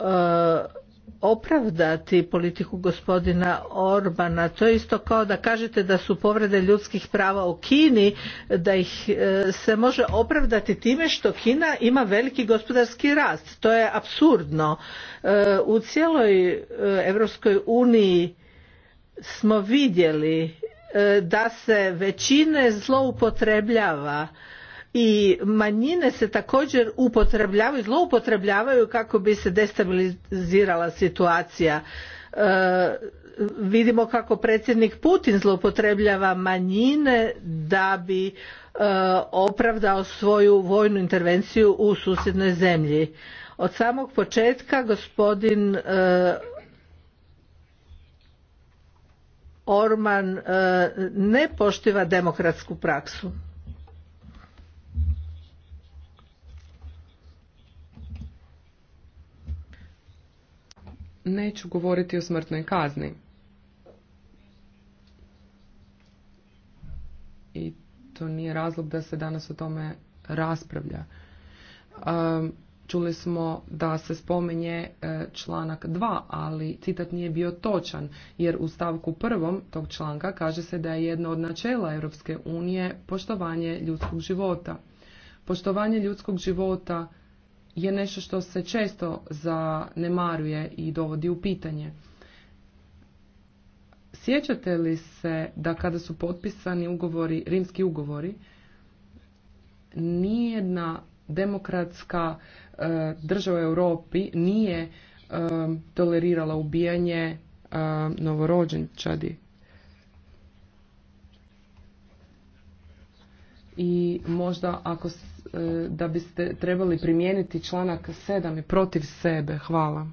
e, opravdati politiku gospodina Orbana. To je isto kao da kažete da su povrede ljudskih prava u Kini, da ih e, se može opravdati time što Kina ima veliki gospodarski rast. To je apsurdno. U cijeloj Europskoj uniji smo vidjeli e, da se većine zloupotrebljava i manjine se također upotrebljavaju, zloupotrebljavaju kako bi se destabilizirala situacija. E, vidimo kako predsjednik Putin zloupotrebljava manjine da bi e, opravdao svoju vojnu intervenciju u susjednoj zemlji. Od samog početka gospodin Orman e, ne poštiva demokratsku praksu. Neću govoriti o smrtnoj kazni. I to nije razlog da se danas o tome raspravlja. Čuli smo da se spominje e, članak 2, ali citat nije bio točan, jer u stavku prvom tog članka kaže se da je jedno od načela Europske unije poštovanje ljudskog života. Poštovanje ljudskog života je nešto što se često zanemaruje i dovodi u pitanje. Sjećate li se da kada su potpisani ugovori, rimski ugovori, nijedna demokratska E, država u Europi nije e, tolerirala ubijanje e, novorođenčadi. I možda ako da biste trebali primijeniti članak 7 protiv sebe. Hvala.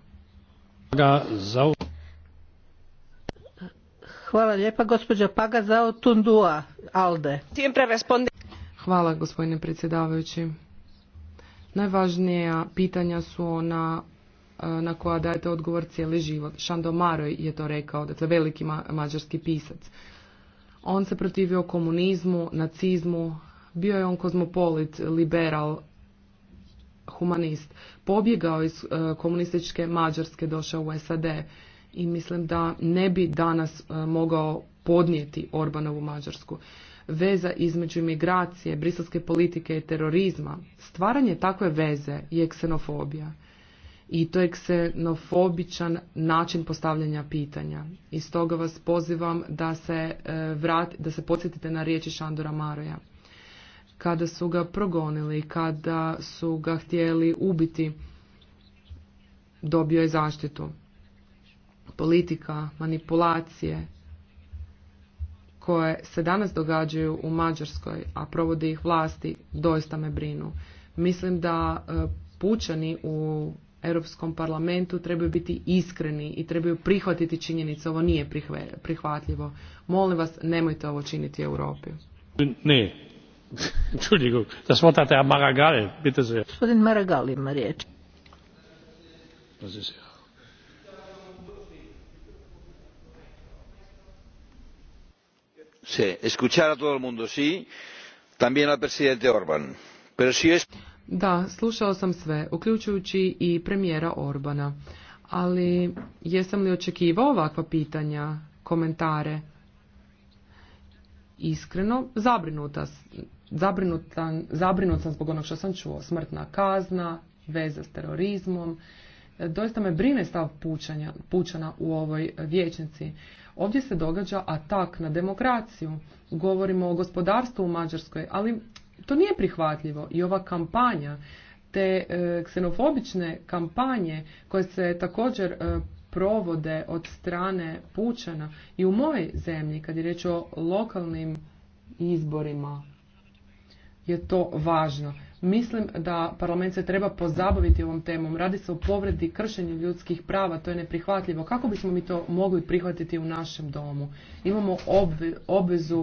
Hvala lijepa gospođa Paga za Tundua Alde. Hvala gospodine predsjedavajući. Najvažnija pitanja su ona e, na koja dajete odgovor cijeli život. Šando je to rekao, dakle veliki mađarski pisac. On se protivio komunizmu, nacizmu, bio je on kozmopolit, liberal, humanist. Pobjegao iz e, komunističke Mađarske, došao u SAD i mislim da ne bi danas e, mogao podnijeti Orbanovu Mađarsku veza između imigracije, briselske politike i terorizma. Stvaranje takve veze je ksenofobija. I to je ksenofobičan način postavljanja pitanja. I stoga vas pozivam da se, e, da se podsjetite na riječi Šandora Maroja. Kada su ga progonili, kada su ga htjeli ubiti, dobio je zaštitu politika, manipulacije, koje se danas događaju u Mađarskoj, a provodi ih vlasti, doista me brinu. Mislim da e, pučani u Europskom parlamentu trebaju biti iskreni i trebaju prihvatiti činjenice. Ovo nije prihvatljivo. Molim vas, nemojte ovo činiti Europi. Ne. bitte Gospodin Maragali ima riječ. Sí, escuchar a todo el mundo, sí. También presidente Pero si es... Da, slušao sam sve, uključujući i premijera Orbana. Ali jesam li očekivao ovakva pitanja, komentare? Iskreno, zabrinuta, zabrinut sam zbog onog što sam čuo. Smrtna kazna, veza s terorizmom. E, doista me brine stav pučanja, pučana u ovoj vječnici. Ovdje se događa atak na demokraciju. Govorimo o gospodarstvu u Mađarskoj, ali to nije prihvatljivo i ova kampanja te e, ksenofobične kampanje koje se također e, provode od strane pučana i u mojoj zemlji kad je riječ o lokalnim izborima je to važno Mislim da parlament se treba pozabaviti ovom temom. Radi se o povredi kršenju ljudskih prava, to je neprihvatljivo. Kako bismo mi to mogli prihvatiti u našem domu? Imamo obvezu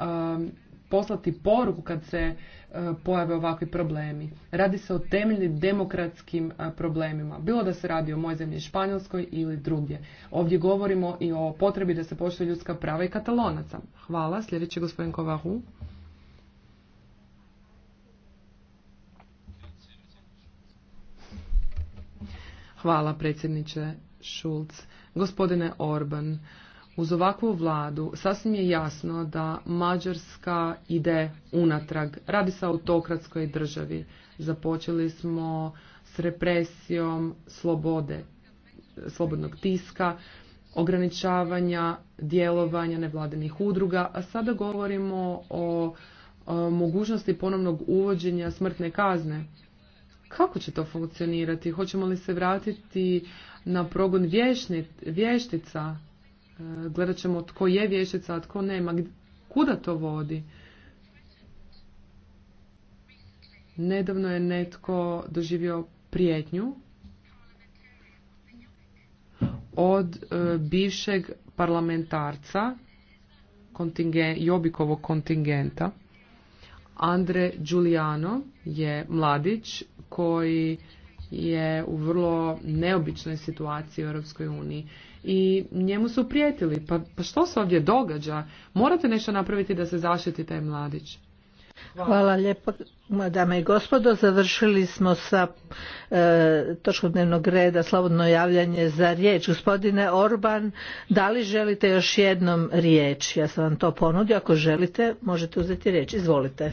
um, poslati poruku kad se uh, pojave ovakvi problemi. Radi se o temeljnim demokratskim uh, problemima. Bilo da se radi o moj zemlji Španjolskoj ili drugdje. Ovdje govorimo i o potrebi da se poštuju ljudska prava i katalonaca. Hvala. Sljedeći gospodin Kovahu. Hvala predsjedniče Šulc. Gospodine Orban, uz ovakvu vladu sasvim je jasno da Mađarska ide unatrag. Radi se o autokratskoj državi. Započeli smo s represijom slobode, slobodnog tiska, ograničavanja djelovanja nevladinih udruga, a sada govorimo o, o mogućnosti ponovnog uvođenja smrtne kazne kako će to funkcionirati? Hoćemo li se vratiti na progon vještica? E, gledat ćemo tko je vještica, a tko nema. Kuda to vodi? Nedavno je netko doživio prijetnju od e, bivšeg parlamentarca kontingen, Jobikovog kontingenta. Andre Giuliano je mladić koji je u vrlo neobičnoj situaciji u Europskoj uniji i njemu su prijetili. Pa, pa što se ovdje događa? Morate nešto napraviti da se zaštiti taj mladić. Hvala, lijepo, dame i gospodo. Završili smo sa e, točkom dnevnog reda slobodno javljanje za riječ. Gospodine Orban, da li želite još jednom riječ? Ja sam vam to ponudio. Ako želite, možete uzeti riječ. Izvolite.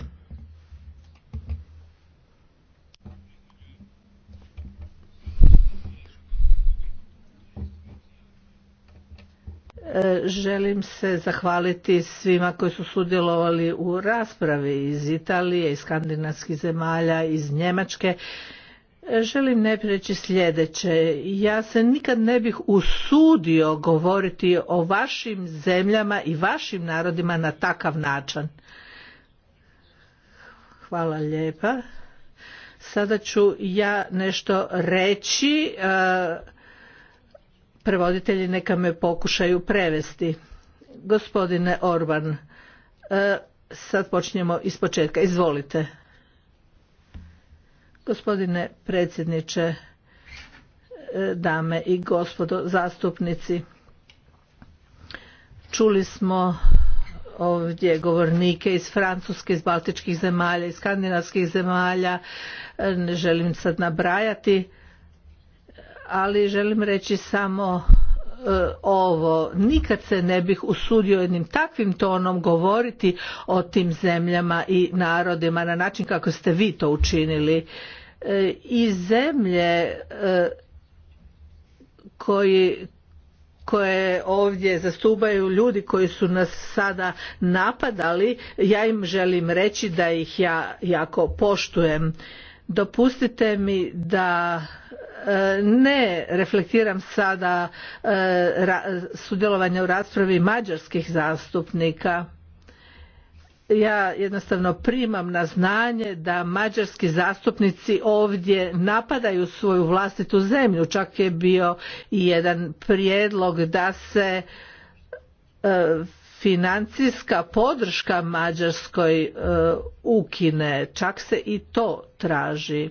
Želim se zahvaliti svima koji su sudjelovali u raspravi iz Italije, iz skandinavskih zemalja, iz Njemačke. Želim ne preći sljedeće. Ja se nikad ne bih usudio govoriti o vašim zemljama i vašim narodima na takav način. Hvala lijepa. Sada ću ja nešto reći. E, prevoditelji neka me pokušaju prevesti. Gospodine Orban, e, sad počinjemo iz početka. Izvolite. Gospodine predsjedniče, e, dame i gospodo zastupnici, čuli smo ovdje govornike iz Francuske, iz Baltičkih zemalja, iz Skandinavskih zemalja, e, ne želim sad nabrajati ali želim reći samo e, ovo nikad se ne bih usudio jednim takvim tonom govoriti o tim zemljama i narodima na način kako ste vi to učinili e, i zemlje e, koji koje ovdje zastupaju ljudi koji su nas sada napadali ja im želim reći da ih ja jako poštujem dopustite mi da E, ne reflektiram sada e, sudjelovanje u raspravi mađarskih zastupnika ja jednostavno primam na znanje da mađarski zastupnici ovdje napadaju svoju vlastitu zemlju čak je bio i jedan prijedlog da se e, financijska podrška mađarskoj ukine čak se i to traži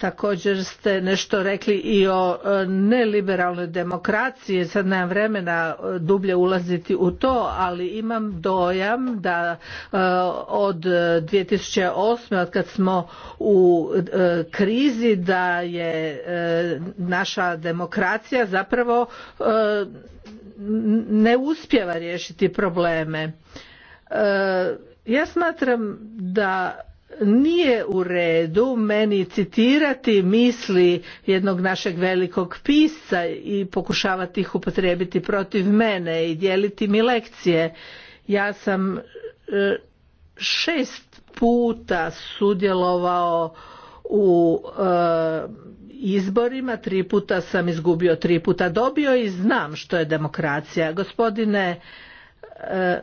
Također ste nešto rekli i o e, neliberalnoj demokraciji, sad nemam vremena e, dublje ulaziti u to, ali imam dojam da e, od 2008. od kad smo u krizi da je naša demokracija zapravo ne uspjeva riješiti probleme. Ja smatram da nije u redu meni citirati misli jednog našeg velikog pisca i pokušavati ih upotrijebiti protiv mene i dijeliti mi lekcije. Ja sam e, šest puta sudjelovao u e, izborima, tri puta sam izgubio, tri puta dobio i znam što je demokracija. Gospodine e,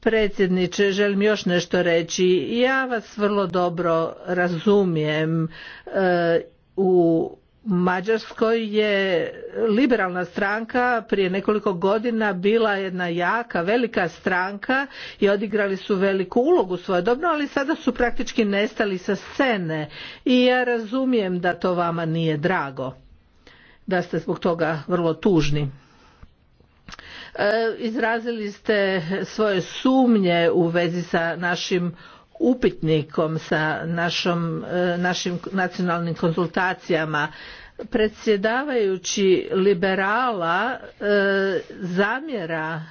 predsjedniče želim još nešto reći ja vas vrlo dobro razumijem e, u Mađarskoj je liberalna stranka prije nekoliko godina bila jedna jaka, velika stranka i odigrali su veliku ulogu svojedobno, ali sada su praktički nestali sa scene i ja razumijem da to vama nije drago, da ste zbog toga vrlo tužni. E, izrazili ste svoje sumnje u vezi sa našim upitnikom, sa e, našim nacionalnim konzultacijama. Predsjedavajući liberala e, zamjera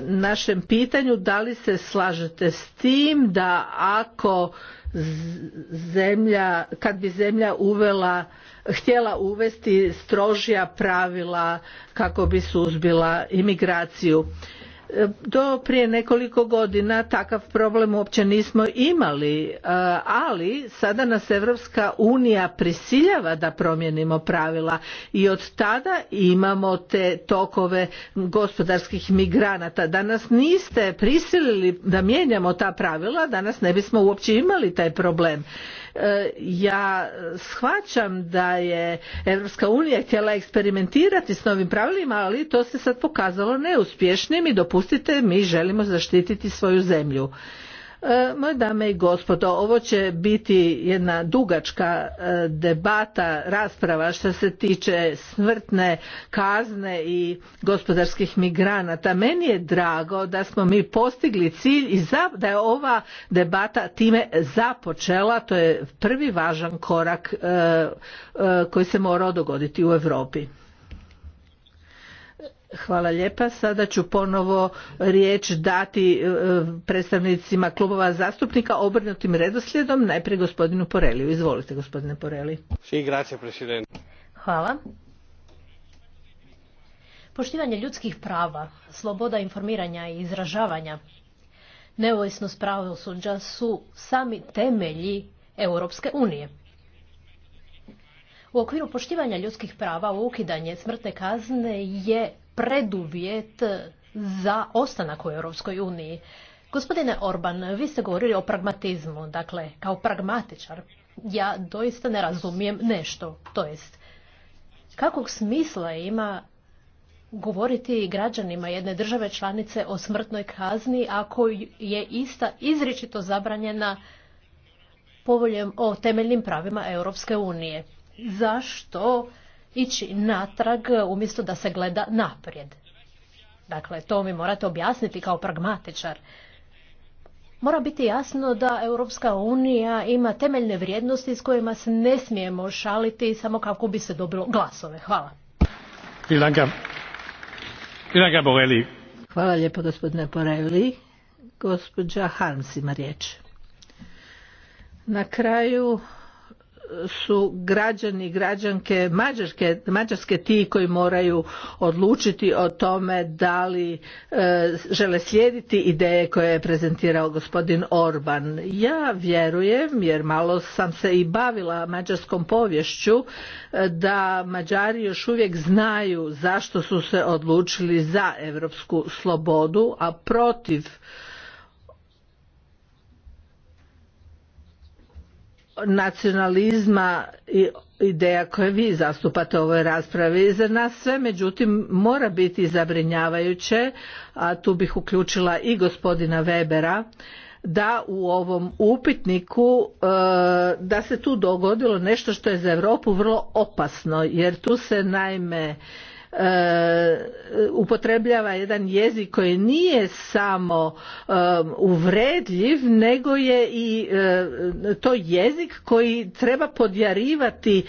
našem pitanju da li se slažete s tim da ako zemlja, kad bi zemlja uvela, htjela uvesti strožija pravila kako bi suzbila imigraciju do prije nekoliko godina takav problem uopće nismo imali, e, ali sada nas Evropska unija prisiljava da promijenimo pravila i od tada imamo te tokove gospodarskih migranata. Danas niste prisilili da mijenjamo ta pravila, danas ne bismo uopće imali taj problem. E, ja shvaćam da je Europska unija htjela eksperimentirati s novim pravilima, ali to se sad pokazalo neuspješnim i dopustite, mi želimo zaštititi svoju zemlju. Moje dame i gospodo, ovo će biti jedna dugačka e, debata, rasprava što se tiče smrtne kazne i gospodarskih migranata. Meni je drago da smo mi postigli cilj i da je ova debata time započela. To je prvi važan korak e, e, koji se morao dogoditi u Europi. Hvala lijepa. Sada ću ponovo riječ dati e, predstavnicima klubova zastupnika obrnutim redoslijedom. Najprije gospodinu Poreliju. Izvolite gospodine Poreli. Hvala. Poštivanje ljudskih prava, sloboda informiranja i izražavanja, neovisnost pravosuđa su sami temelji Europske unije. U okviru poštivanja ljudskih prava ukidanje smrtne kazne je preduvjet za ostanak u Europskoj uniji. Gospodine Orban, vi ste govorili o pragmatizmu, dakle, kao pragmatičar. Ja doista ne razumijem nešto, to jest, kakvog smisla ima govoriti građanima jedne države članice o smrtnoj kazni ako je ista izričito zabranjena povoljem o temeljnim pravima Europske unije. Zašto ići natrag umjesto da se gleda naprijed. Dakle, to mi morate objasniti kao pragmatičar. Mora biti jasno da Europska unija ima temeljne vrijednosti s kojima se ne smijemo šaliti samo kako bi se dobilo glasove. Hvala. Hvala lijepo gospodine Borelli. Gospođa Harms ima riječ. Na kraju su građani i građanke Mađarske, ti koji moraju odlučiti o tome da li e, žele slijediti ideje koje je prezentirao gospodin Orban. Ja vjerujem, jer malo sam se i bavila mađarskom povješću, e, da Mađari još uvijek znaju zašto su se odlučili za europsku slobodu, a protiv nacionalizma i ideja koje vi zastupate u ovoj raspravi. Za nas sve, međutim, mora biti zabrinjavajuće, a tu bih uključila i gospodina Webera, da u ovom upitniku e, da se tu dogodilo nešto što je za Europu vrlo opasno jer tu se naime E, upotrebljava jedan jezik koji nije samo e, uvredljiv nego je i e, to jezik koji treba podjarivati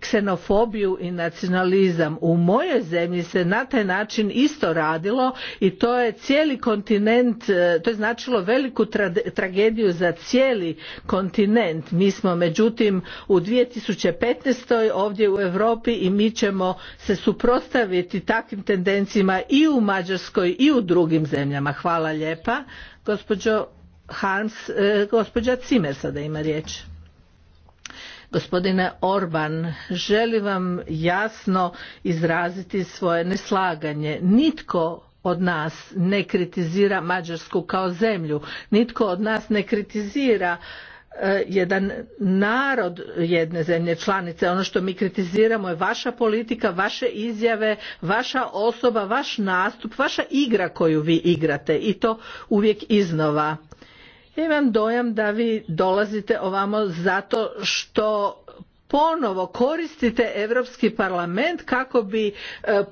ksenofobiju i nacionalizam u mojoj zemlji se na taj način isto radilo i to je cijeli kontinent to je značilo veliku tragediju za cijeli kontinent mi smo međutim u 2015. ovdje u Europi i mi ćemo se suprotstaviti takvim tendencijama i u Mađarskoj i u drugim zemljama. Hvala lijepa. Gospođo Harms, e, gospođa Cimer sada ima riječ. Gospodine Orban, želim vam jasno izraziti svoje neslaganje. Nitko od nas ne kritizira Mađarsku kao zemlju. Nitko od nas ne kritizira E, jedan narod jedne zemlje članice ono što mi kritiziramo je vaša politika vaše izjave vaša osoba vaš nastup vaša igra koju vi igrate i to uvijek iznova ja imam dojam da vi dolazite ovamo zato što ponovo koristite europski parlament kako bi e,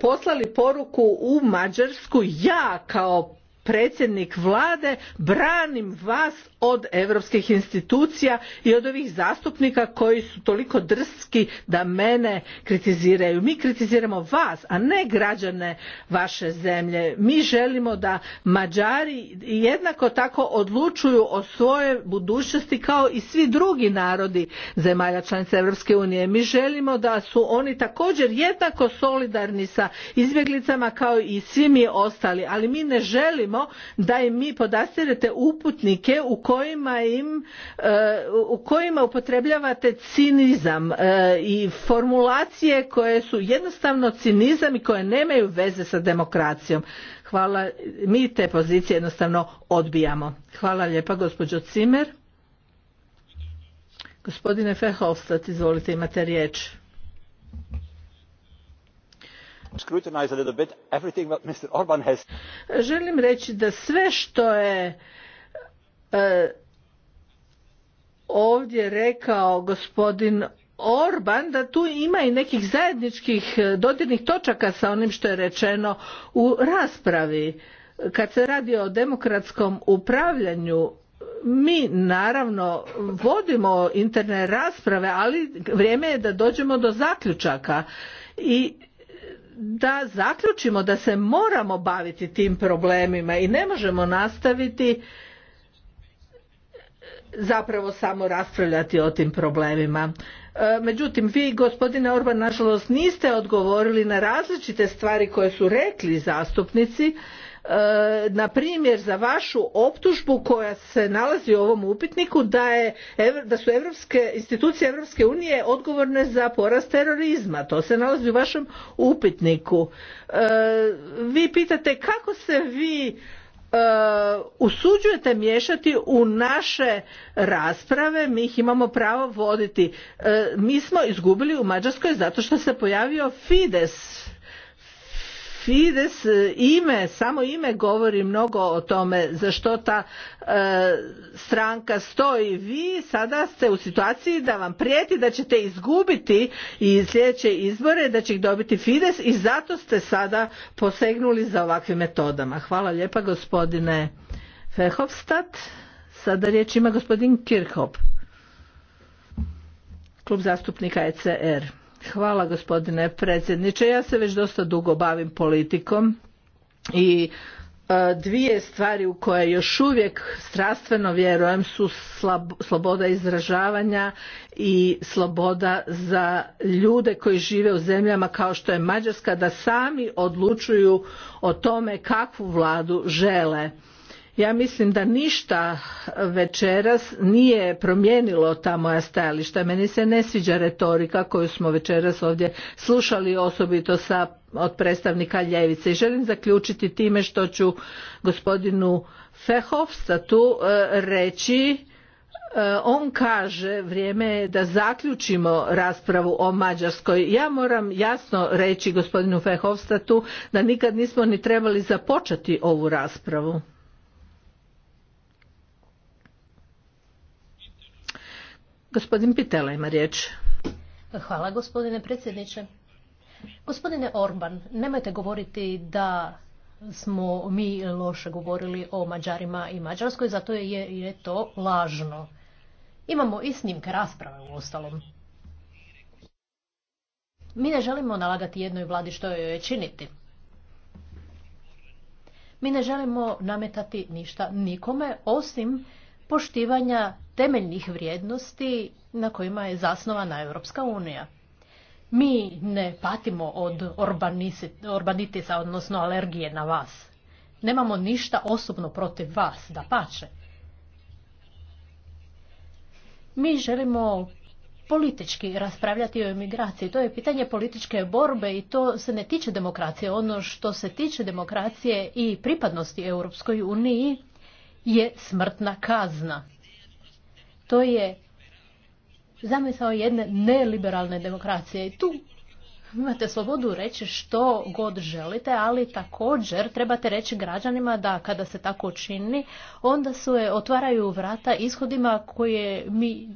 poslali poruku u mađarsku ja kao predsjednik vlade branim vas od europskih institucija i od ovih zastupnika koji su toliko drski da mene kritiziraju mi kritiziramo vas a ne građane vaše zemlje mi želimo da mađari jednako tako odlučuju o svojoj budućnosti kao i svi drugi narodi zemalja članica europske unije mi želimo da su oni također jednako solidarni sa izbjeglicama kao i svi mi ostali ali mi ne želimo da im mi podastirete uputnike u kojima im e, u kojima upotrebljavate cinizam e, i formulacije koje su jednostavno cinizam i koje nemaju veze sa demokracijom. Hvala, mi te pozicije jednostavno odbijamo. Hvala lijepa gospođo Cimer. Gospodine Fehovstat, izvolite imate riječ. Scrutinize a Želim reći da sve što je e, ovdje rekao gospodin Orban da tu ima i nekih zajedničkih e, dodirnih točaka sa onim što je rečeno u raspravi. Kad se radi o demokratskom upravljanju mi naravno vodimo interne rasprave, ali vrijeme je da dođemo do zaključaka i da zaključimo da se moramo baviti tim problemima i ne možemo nastaviti e, zapravo samo raspravljati o tim problemima. E, međutim, vi gospodine Orban nažalost niste odgovorili na različite stvari koje su rekli zastupnici E, na primjer za vašu optužbu koja se nalazi u ovom upitniku da, je, da su evropske, institucije Europske unije odgovorne za porast terorizma. To se nalazi u vašem upitniku. E, vi pitate kako se vi e, usuđujete miješati u naše rasprave, mi ih imamo pravo voditi. Mi smo izgubili u Mađarskoj zato što se pojavio Fides Fides e, ime, samo ime govori mnogo o tome zašto ta e, stranka stoji. Vi sada ste u situaciji da vam prijeti da ćete izgubiti i sljedeće izbore, da će ih dobiti Fides i zato ste sada posegnuli za ovakvim metodama. Hvala lijepa gospodine Fehovstat. Sada riječ ima gospodin Kirchhoff, klub zastupnika ECR. Hvala gospodine predsjedniče. Ja se već dosta dugo bavim politikom i e, dvije stvari u koje još uvijek strastveno vjerujem su sloboda izražavanja i sloboda za ljude koji žive u zemljama kao što je Mađarska da sami odlučuju o tome kakvu vladu žele ja mislim da ništa večeras nije promijenilo ta moja stajališta. Meni se ne sviđa retorika koju smo večeras ovdje slušali osobito sa od predstavnika ljevice. I želim zaključiti time što ću gospodinu Fehovstatu e, reći e, on kaže vrijeme je da zaključimo raspravu o Mađarskoj. Ja moram jasno reći gospodinu Fehovstatu da nikad nismo ni trebali započeti ovu raspravu. Gospodin Pitela ima riječ. Hvala gospodine predsjedniče. Gospodine Orban, nemojte govoriti da smo mi loše govorili o Mađarima i Mađarskoj, zato je, je to lažno. Imamo i snimke rasprave u ostalom. Mi ne želimo nalagati jednoj vladi što joj je činiti. Mi ne želimo nametati ništa nikome osim poštivanja temeljnih vrijednosti na kojima je zasnovana Europska unija. Mi ne patimo od urbanitisa, odnosno alergije na vas. Nemamo ništa osobno protiv vas, da pače. Mi želimo politički raspravljati o emigraciji. To je pitanje političke borbe i to se ne tiče demokracije. Ono što se tiče demokracije i pripadnosti Europskoj uniji je smrtna kazna. To je zamisao jedne neliberalne demokracije i tu Imate slobodu reći što god želite, ali također trebate reći građanima da kada se tako čini, onda se otvaraju vrata ishodima koje mi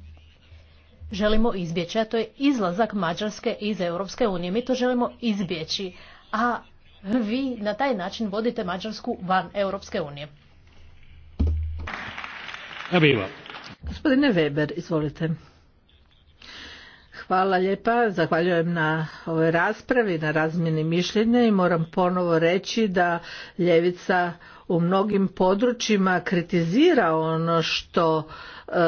želimo izbjeći, a to je izlazak Mađarske iz Europske unije. Mi to želimo izbjeći, a vi na taj način vodite Mađarsku van Europske unije. Gospodine Weber, izvolite. Hvala lijepa, zahvaljujem na ovoj raspravi, na razmjeni mišljenja i moram ponovo reći da Ljevica u mnogim područjima kritizira ono što E,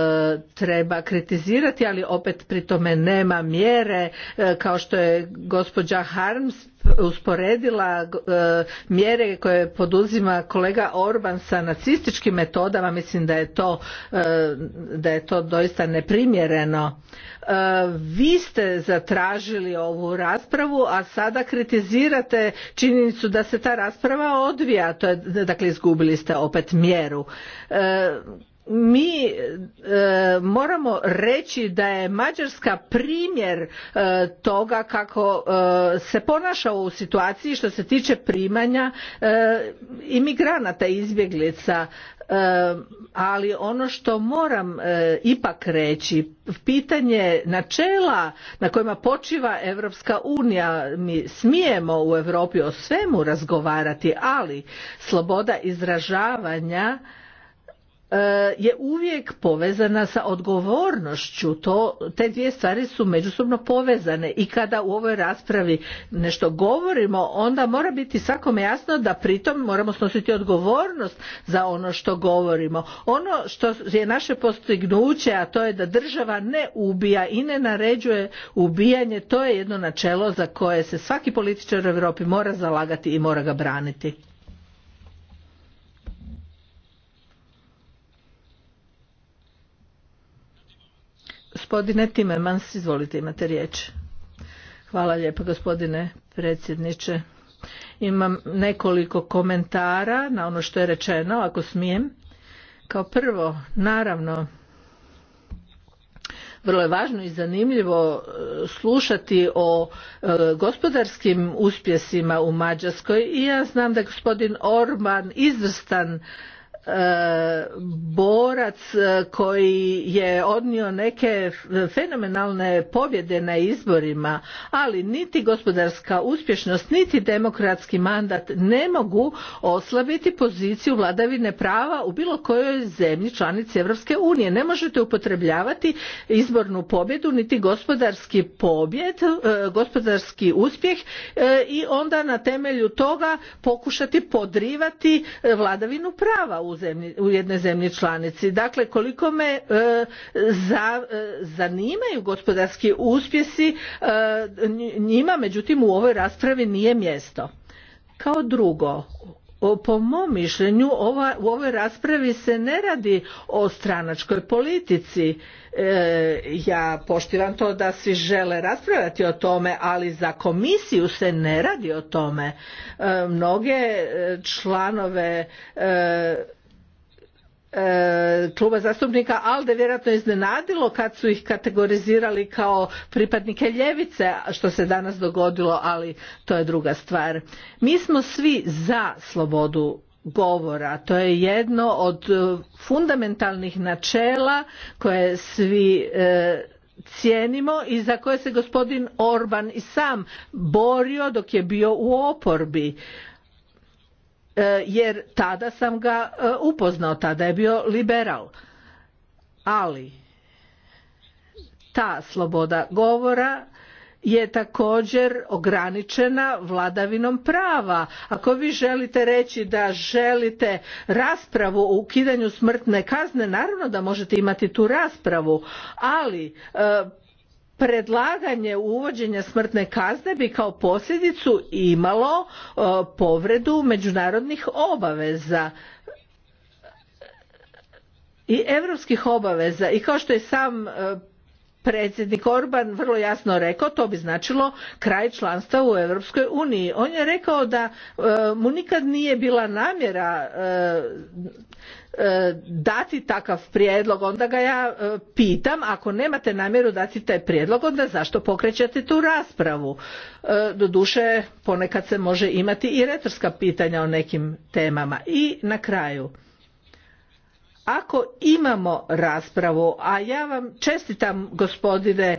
treba kritizirati, ali opet pri tome nema mjere e, kao što je gospođa Harms usporedila e, mjere koje poduzima kolega Orban sa nacističkim metodama, mislim da je to, da je to doista neprimjereno. Vi ste zatražili ovu raspravu, a sada kritizirate činjenicu da se ta rasprava odvija, to je, dakle izgubili ste opet mjeru mi e, moramo reći da je mađarska primjer e, toga kako e, se ponaša u situaciji što se tiče primanja imigranata i izbjeglica ali ono što moram ipak reći pitanje načela na kojima počiva Europska unija mi smijemo u Europi o svemu razgovarati ali sloboda izražavanja E, je uvijek povezana sa odgovornošću. To, te dvije stvari su međusobno povezane i kada u ovoj raspravi nešto govorimo, onda mora biti svakome jasno da pritom moramo snositi odgovornost za ono što govorimo. Ono što je naše postignuće, a to je da država ne ubija i ne naređuje ubijanje, to je jedno načelo za koje se svaki političar u Europi mora zalagati i mora ga braniti. Gospodine Timemans, izvolite imate riječ. Hvala lijepo gospodine predsjedniče. Imam nekoliko komentara na ono što je rečeno, ako smijem. Kao prvo, naravno, vrlo je važno i zanimljivo e, slušati o e, gospodarskim uspjesima u Mađarskoj i ja znam da je gospodin Orban izvrstan E, borac e, koji je odnio neke fenomenalne pobjede na izborima, ali niti gospodarska uspješnost, niti demokratski mandat ne mogu oslabiti poziciju vladavine prava u bilo kojoj zemlji članici Europske unije. Ne možete upotrebljavati izbornu pobjedu, niti gospodarski pobjed, e, gospodarski uspjeh i onda na temelju toga pokušati podrivati vladavinu prava u u, jednoj zemlji članici. Dakle, koliko me e, e, zanimaju gospodarski uspjesi, e, njima međutim u ovoj raspravi nije mjesto. Kao drugo, po mom mišljenju u ovoj raspravi se ne radi o stranačkoj politici ja poštivam to da svi žele raspravljati o tome ali za komisiju se ne radi o tome mnoge članove E, kluba zastupnika ALDE vjerojatno iznenadilo kad su ih kategorizirali kao pripadnike ljevice, što se danas dogodilo, ali to je druga stvar. Mi smo svi za slobodu govora. To je jedno od fundamentalnih načela koje svi e, cijenimo i za koje se gospodin Orban i sam borio dok je bio u oporbi. E, jer tada sam ga e, upoznao, tada je bio liberal. Ali ta sloboda govora je također ograničena vladavinom prava. Ako vi želite reći da želite raspravu o ukidanju smrtne kazne, naravno da možete imati tu raspravu, ali e, predlaganje uvođenja smrtne kazne bi kao posljedicu imalo e, povredu međunarodnih obaveza i europskih obaveza i kao što je sam e, predsjednik Orban vrlo jasno rekao to bi značilo kraj članstva u Europskoj uniji. On je rekao da e, mu nikad nije bila namjera E, dati takav prijedlog onda ga ja e, pitam ako nemate namjeru dati taj prijedlog onda zašto pokrećete tu raspravu e, doduše ponekad se može imati i retorska pitanja o nekim temama i na kraju ako imamo raspravu, a ja vam čestitam gospodine e,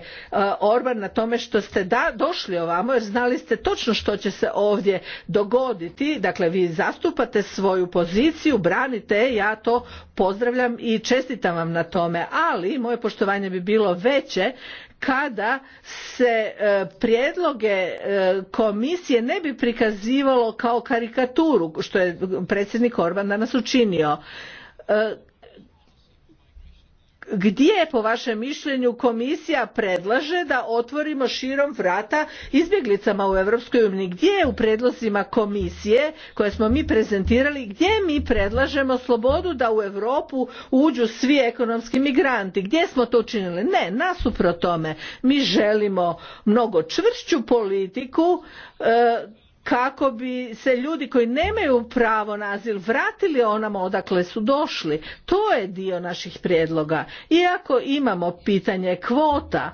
Orban na tome što ste došli ovamo jer znali ste točno što će se ovdje dogoditi, dakle vi zastupate svoju poziciju, branite, ja to pozdravljam i čestitam vam na tome, ali moje poštovanje bi bilo veće kada se e, prijedloge e, komisije ne bi prikazivalo kao karikaturu, što je predsjednik Orban danas učinio gdje po vašem mišljenju komisija predlaže da otvorimo širom vrata izbjeglicama u europskoj uniji gdje u predlozima komisije koje smo mi prezentirali gdje mi predlažemo slobodu da u europu uđu svi ekonomski migranti gdje smo to učinili ne nasuprot tome mi želimo mnogo čvršću politiku e, kako bi se ljudi koji nemaju pravo na azil vratili onamo odakle su došli. To je dio naših prijedloga. Iako imamo pitanje kvota,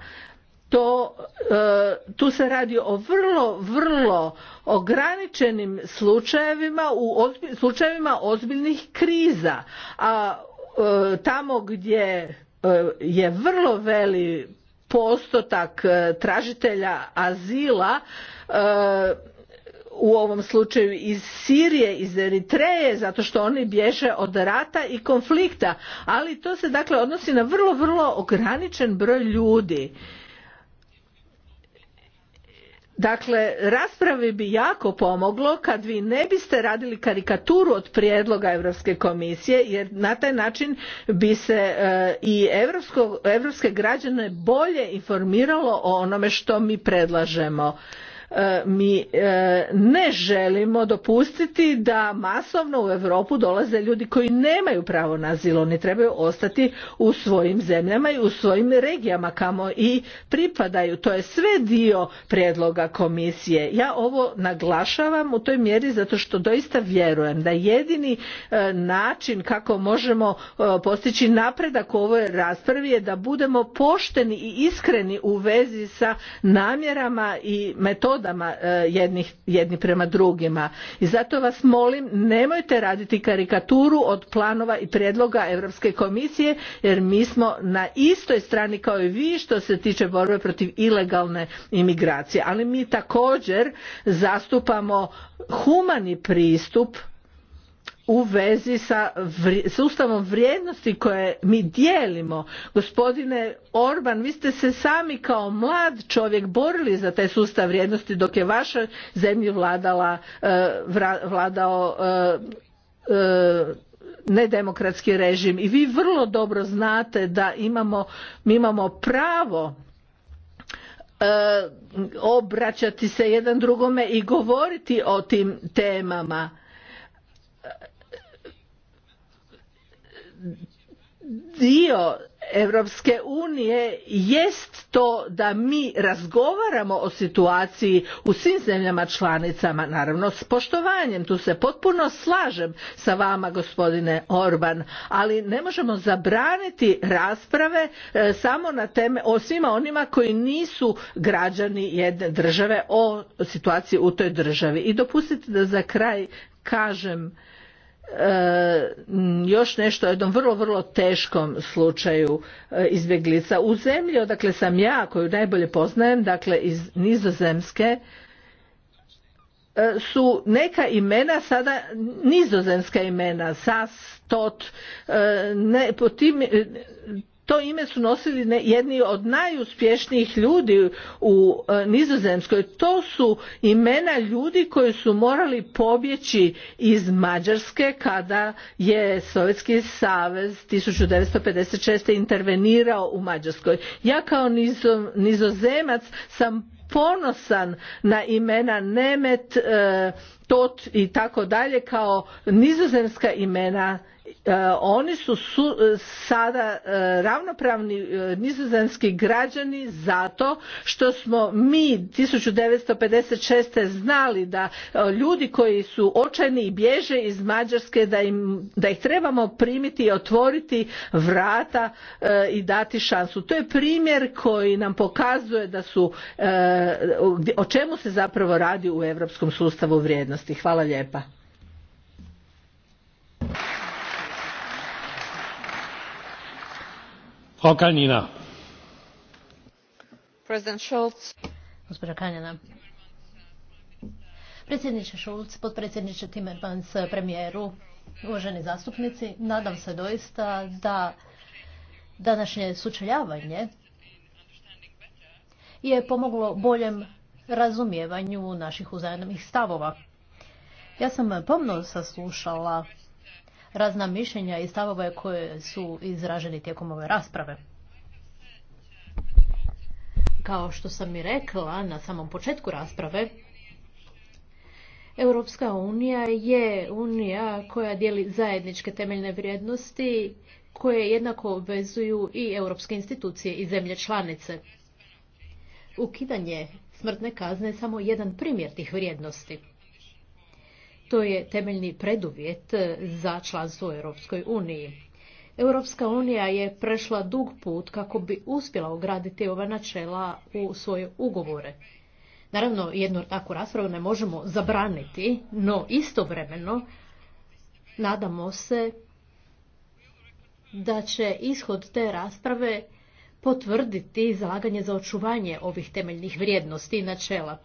to, e, tu se radi o vrlo, vrlo ograničenim slučajevima, u slučajevima ozbiljnih kriza. A e, tamo gdje e, je vrlo veli postotak tražitelja azila u ovom slučaju iz Sirije, iz Eritreje, zato što oni bježe od rata i konflikta. Ali to se dakle odnosi na vrlo, vrlo ograničen broj ljudi. Dakle, raspravi bi jako pomoglo kad vi ne biste radili karikaturu od prijedloga Europske komisije, jer na taj način bi se eh, i europske građane bolje informiralo o onome što mi predlažemo. E, mi e, ne želimo dopustiti da masovno u Europu dolaze ljudi koji nemaju pravo na azil, oni trebaju ostati u svojim zemljama i u svojim regijama kamo i pripadaju. To je sve dio prijedloga komisije. Ja ovo naglašavam u toj mjeri zato što doista vjerujem da jedini e, način kako možemo postići napredak u ovoj raspravi je da budemo pošteni i iskreni u vezi sa namjerama i metodama metodama e, jednih, jedni prema drugima. I zato vas molim, nemojte raditi karikaturu od planova i prijedloga Europske komisije, jer mi smo na istoj strani kao i vi što se tiče borbe protiv ilegalne imigracije. Ali mi također zastupamo humani pristup u vezi sa sustavom vrijednosti koje mi dijelimo. Gospodine Orban, vi ste se sami kao mlad čovjek borili za taj sustav vrijednosti dok je vaša zemlja vladala, e, vladao e, e, nedemokratski režim i vi vrlo dobro znate da imamo, mi imamo pravo obraćati se jedan drugome i govoriti o tim temama dio Europske unije jest to da mi razgovaramo o situaciji u svim zemljama članicama, naravno s poštovanjem, tu se potpuno slažem sa vama gospodine Orban, ali ne možemo zabraniti rasprave e, samo na teme o svima onima koji nisu građani jedne države o situaciji u toj državi. I dopustite da za kraj kažem E, još nešto o jednom vrlo, vrlo teškom slučaju e, izbjeglica. U zemlji, odakle sam ja, koju najbolje poznajem, dakle iz nizozemske, e, su neka imena sada nizozemska imena, sas, tot, po tim, to ime su nosili jedni od najuspješnijih ljudi u e, Nizozemskoj. To su imena ljudi koji su morali pobjeći iz Mađarske kada je Sovjetski savez 1956. intervenirao u Mađarskoj. Ja kao nizozemac sam ponosan na imena Nemet, e, Tot i tako dalje kao nizozemska imena E, oni su, e, sada e, ravnopravni nizozemski građani zato što smo mi 1956. znali da ljudi koji su očajni i bježe iz Mađarske da, da ih trebamo primiti i otvoriti vrata i dati šansu. To je primjer koji nam pokazuje da su o čemu se zapravo radi u europskom sustavu vrijednosti. Hvala lijepa. Frau President Schulz. Predsjedniče potpredsjedniče Timmermans, premijeru, uvaženi zastupnici, nadam se doista da današnje sučeljavanje je pomoglo boljem razumijevanju naših uzajamnih stavova. Ja sam pomno saslušala razna mišljenja i stavove koje su izraženi tijekom ove rasprave. Kao što sam i rekla na samom početku rasprave, Europska unija je unija koja dijeli zajedničke temeljne vrijednosti koje jednako obvezuju i europske institucije i zemlje članice. Ukidanje smrtne kazne je samo jedan primjer tih vrijednosti. To je temeljni preduvjet za članstvo u Europskoj uniji. Europska unija je prešla dug put kako bi uspjela ugraditi ova načela u svoje ugovore. Naravno, jednu takvu raspravu ne možemo zabraniti, no istovremeno nadamo se da će ishod te rasprave potvrditi zalaganje za očuvanje ovih temeljnih vrijednosti i načela.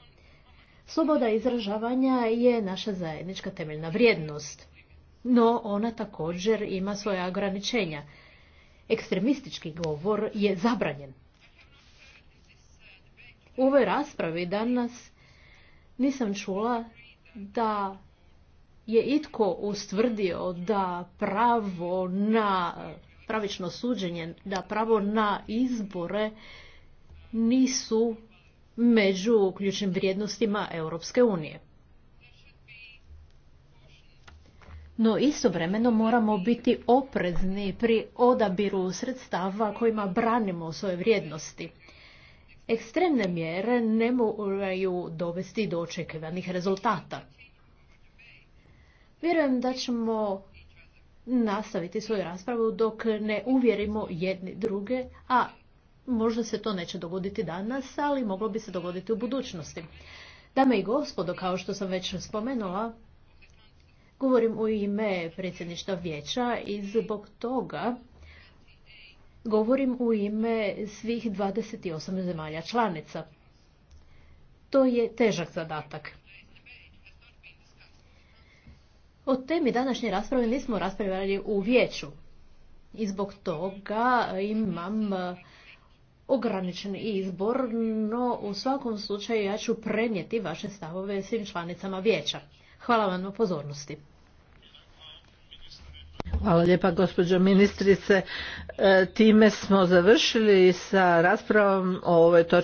Sloboda izražavanja je naša zajednička temeljna vrijednost, no ona također ima svoja ograničenja. Ekstremistički govor je zabranjen. U ovoj raspravi danas nisam čula da je itko ustvrdio da pravo na pravično suđenje, da pravo na izbore nisu među ključnim vrijednostima Europske unije. No istovremeno moramo biti oprezni pri odabiru sredstava kojima branimo svoje vrijednosti. Ekstremne mjere ne moraju dovesti do očekivanih rezultata. Vjerujem da ćemo nastaviti svoju raspravu dok ne uvjerimo jedni druge, a Možda se to neće dogoditi danas, ali moglo bi se dogoditi u budućnosti. Dame i gospodo, kao što sam već spomenula, govorim u ime predsjedništva vijeća i zbog toga govorim u ime svih 28 zemalja članica. To je težak zadatak. O temi današnje rasprave nismo raspravljali u vijeću. I zbog toga imam ograničen izbor, no u svakom slučaju ja ću prenijeti vaše stavove svim članicama vijeća. Hvala vam na pozornosti. Hvala lijepa gospođo ministrice. E, time smo završili sa raspravom o ovoj točki.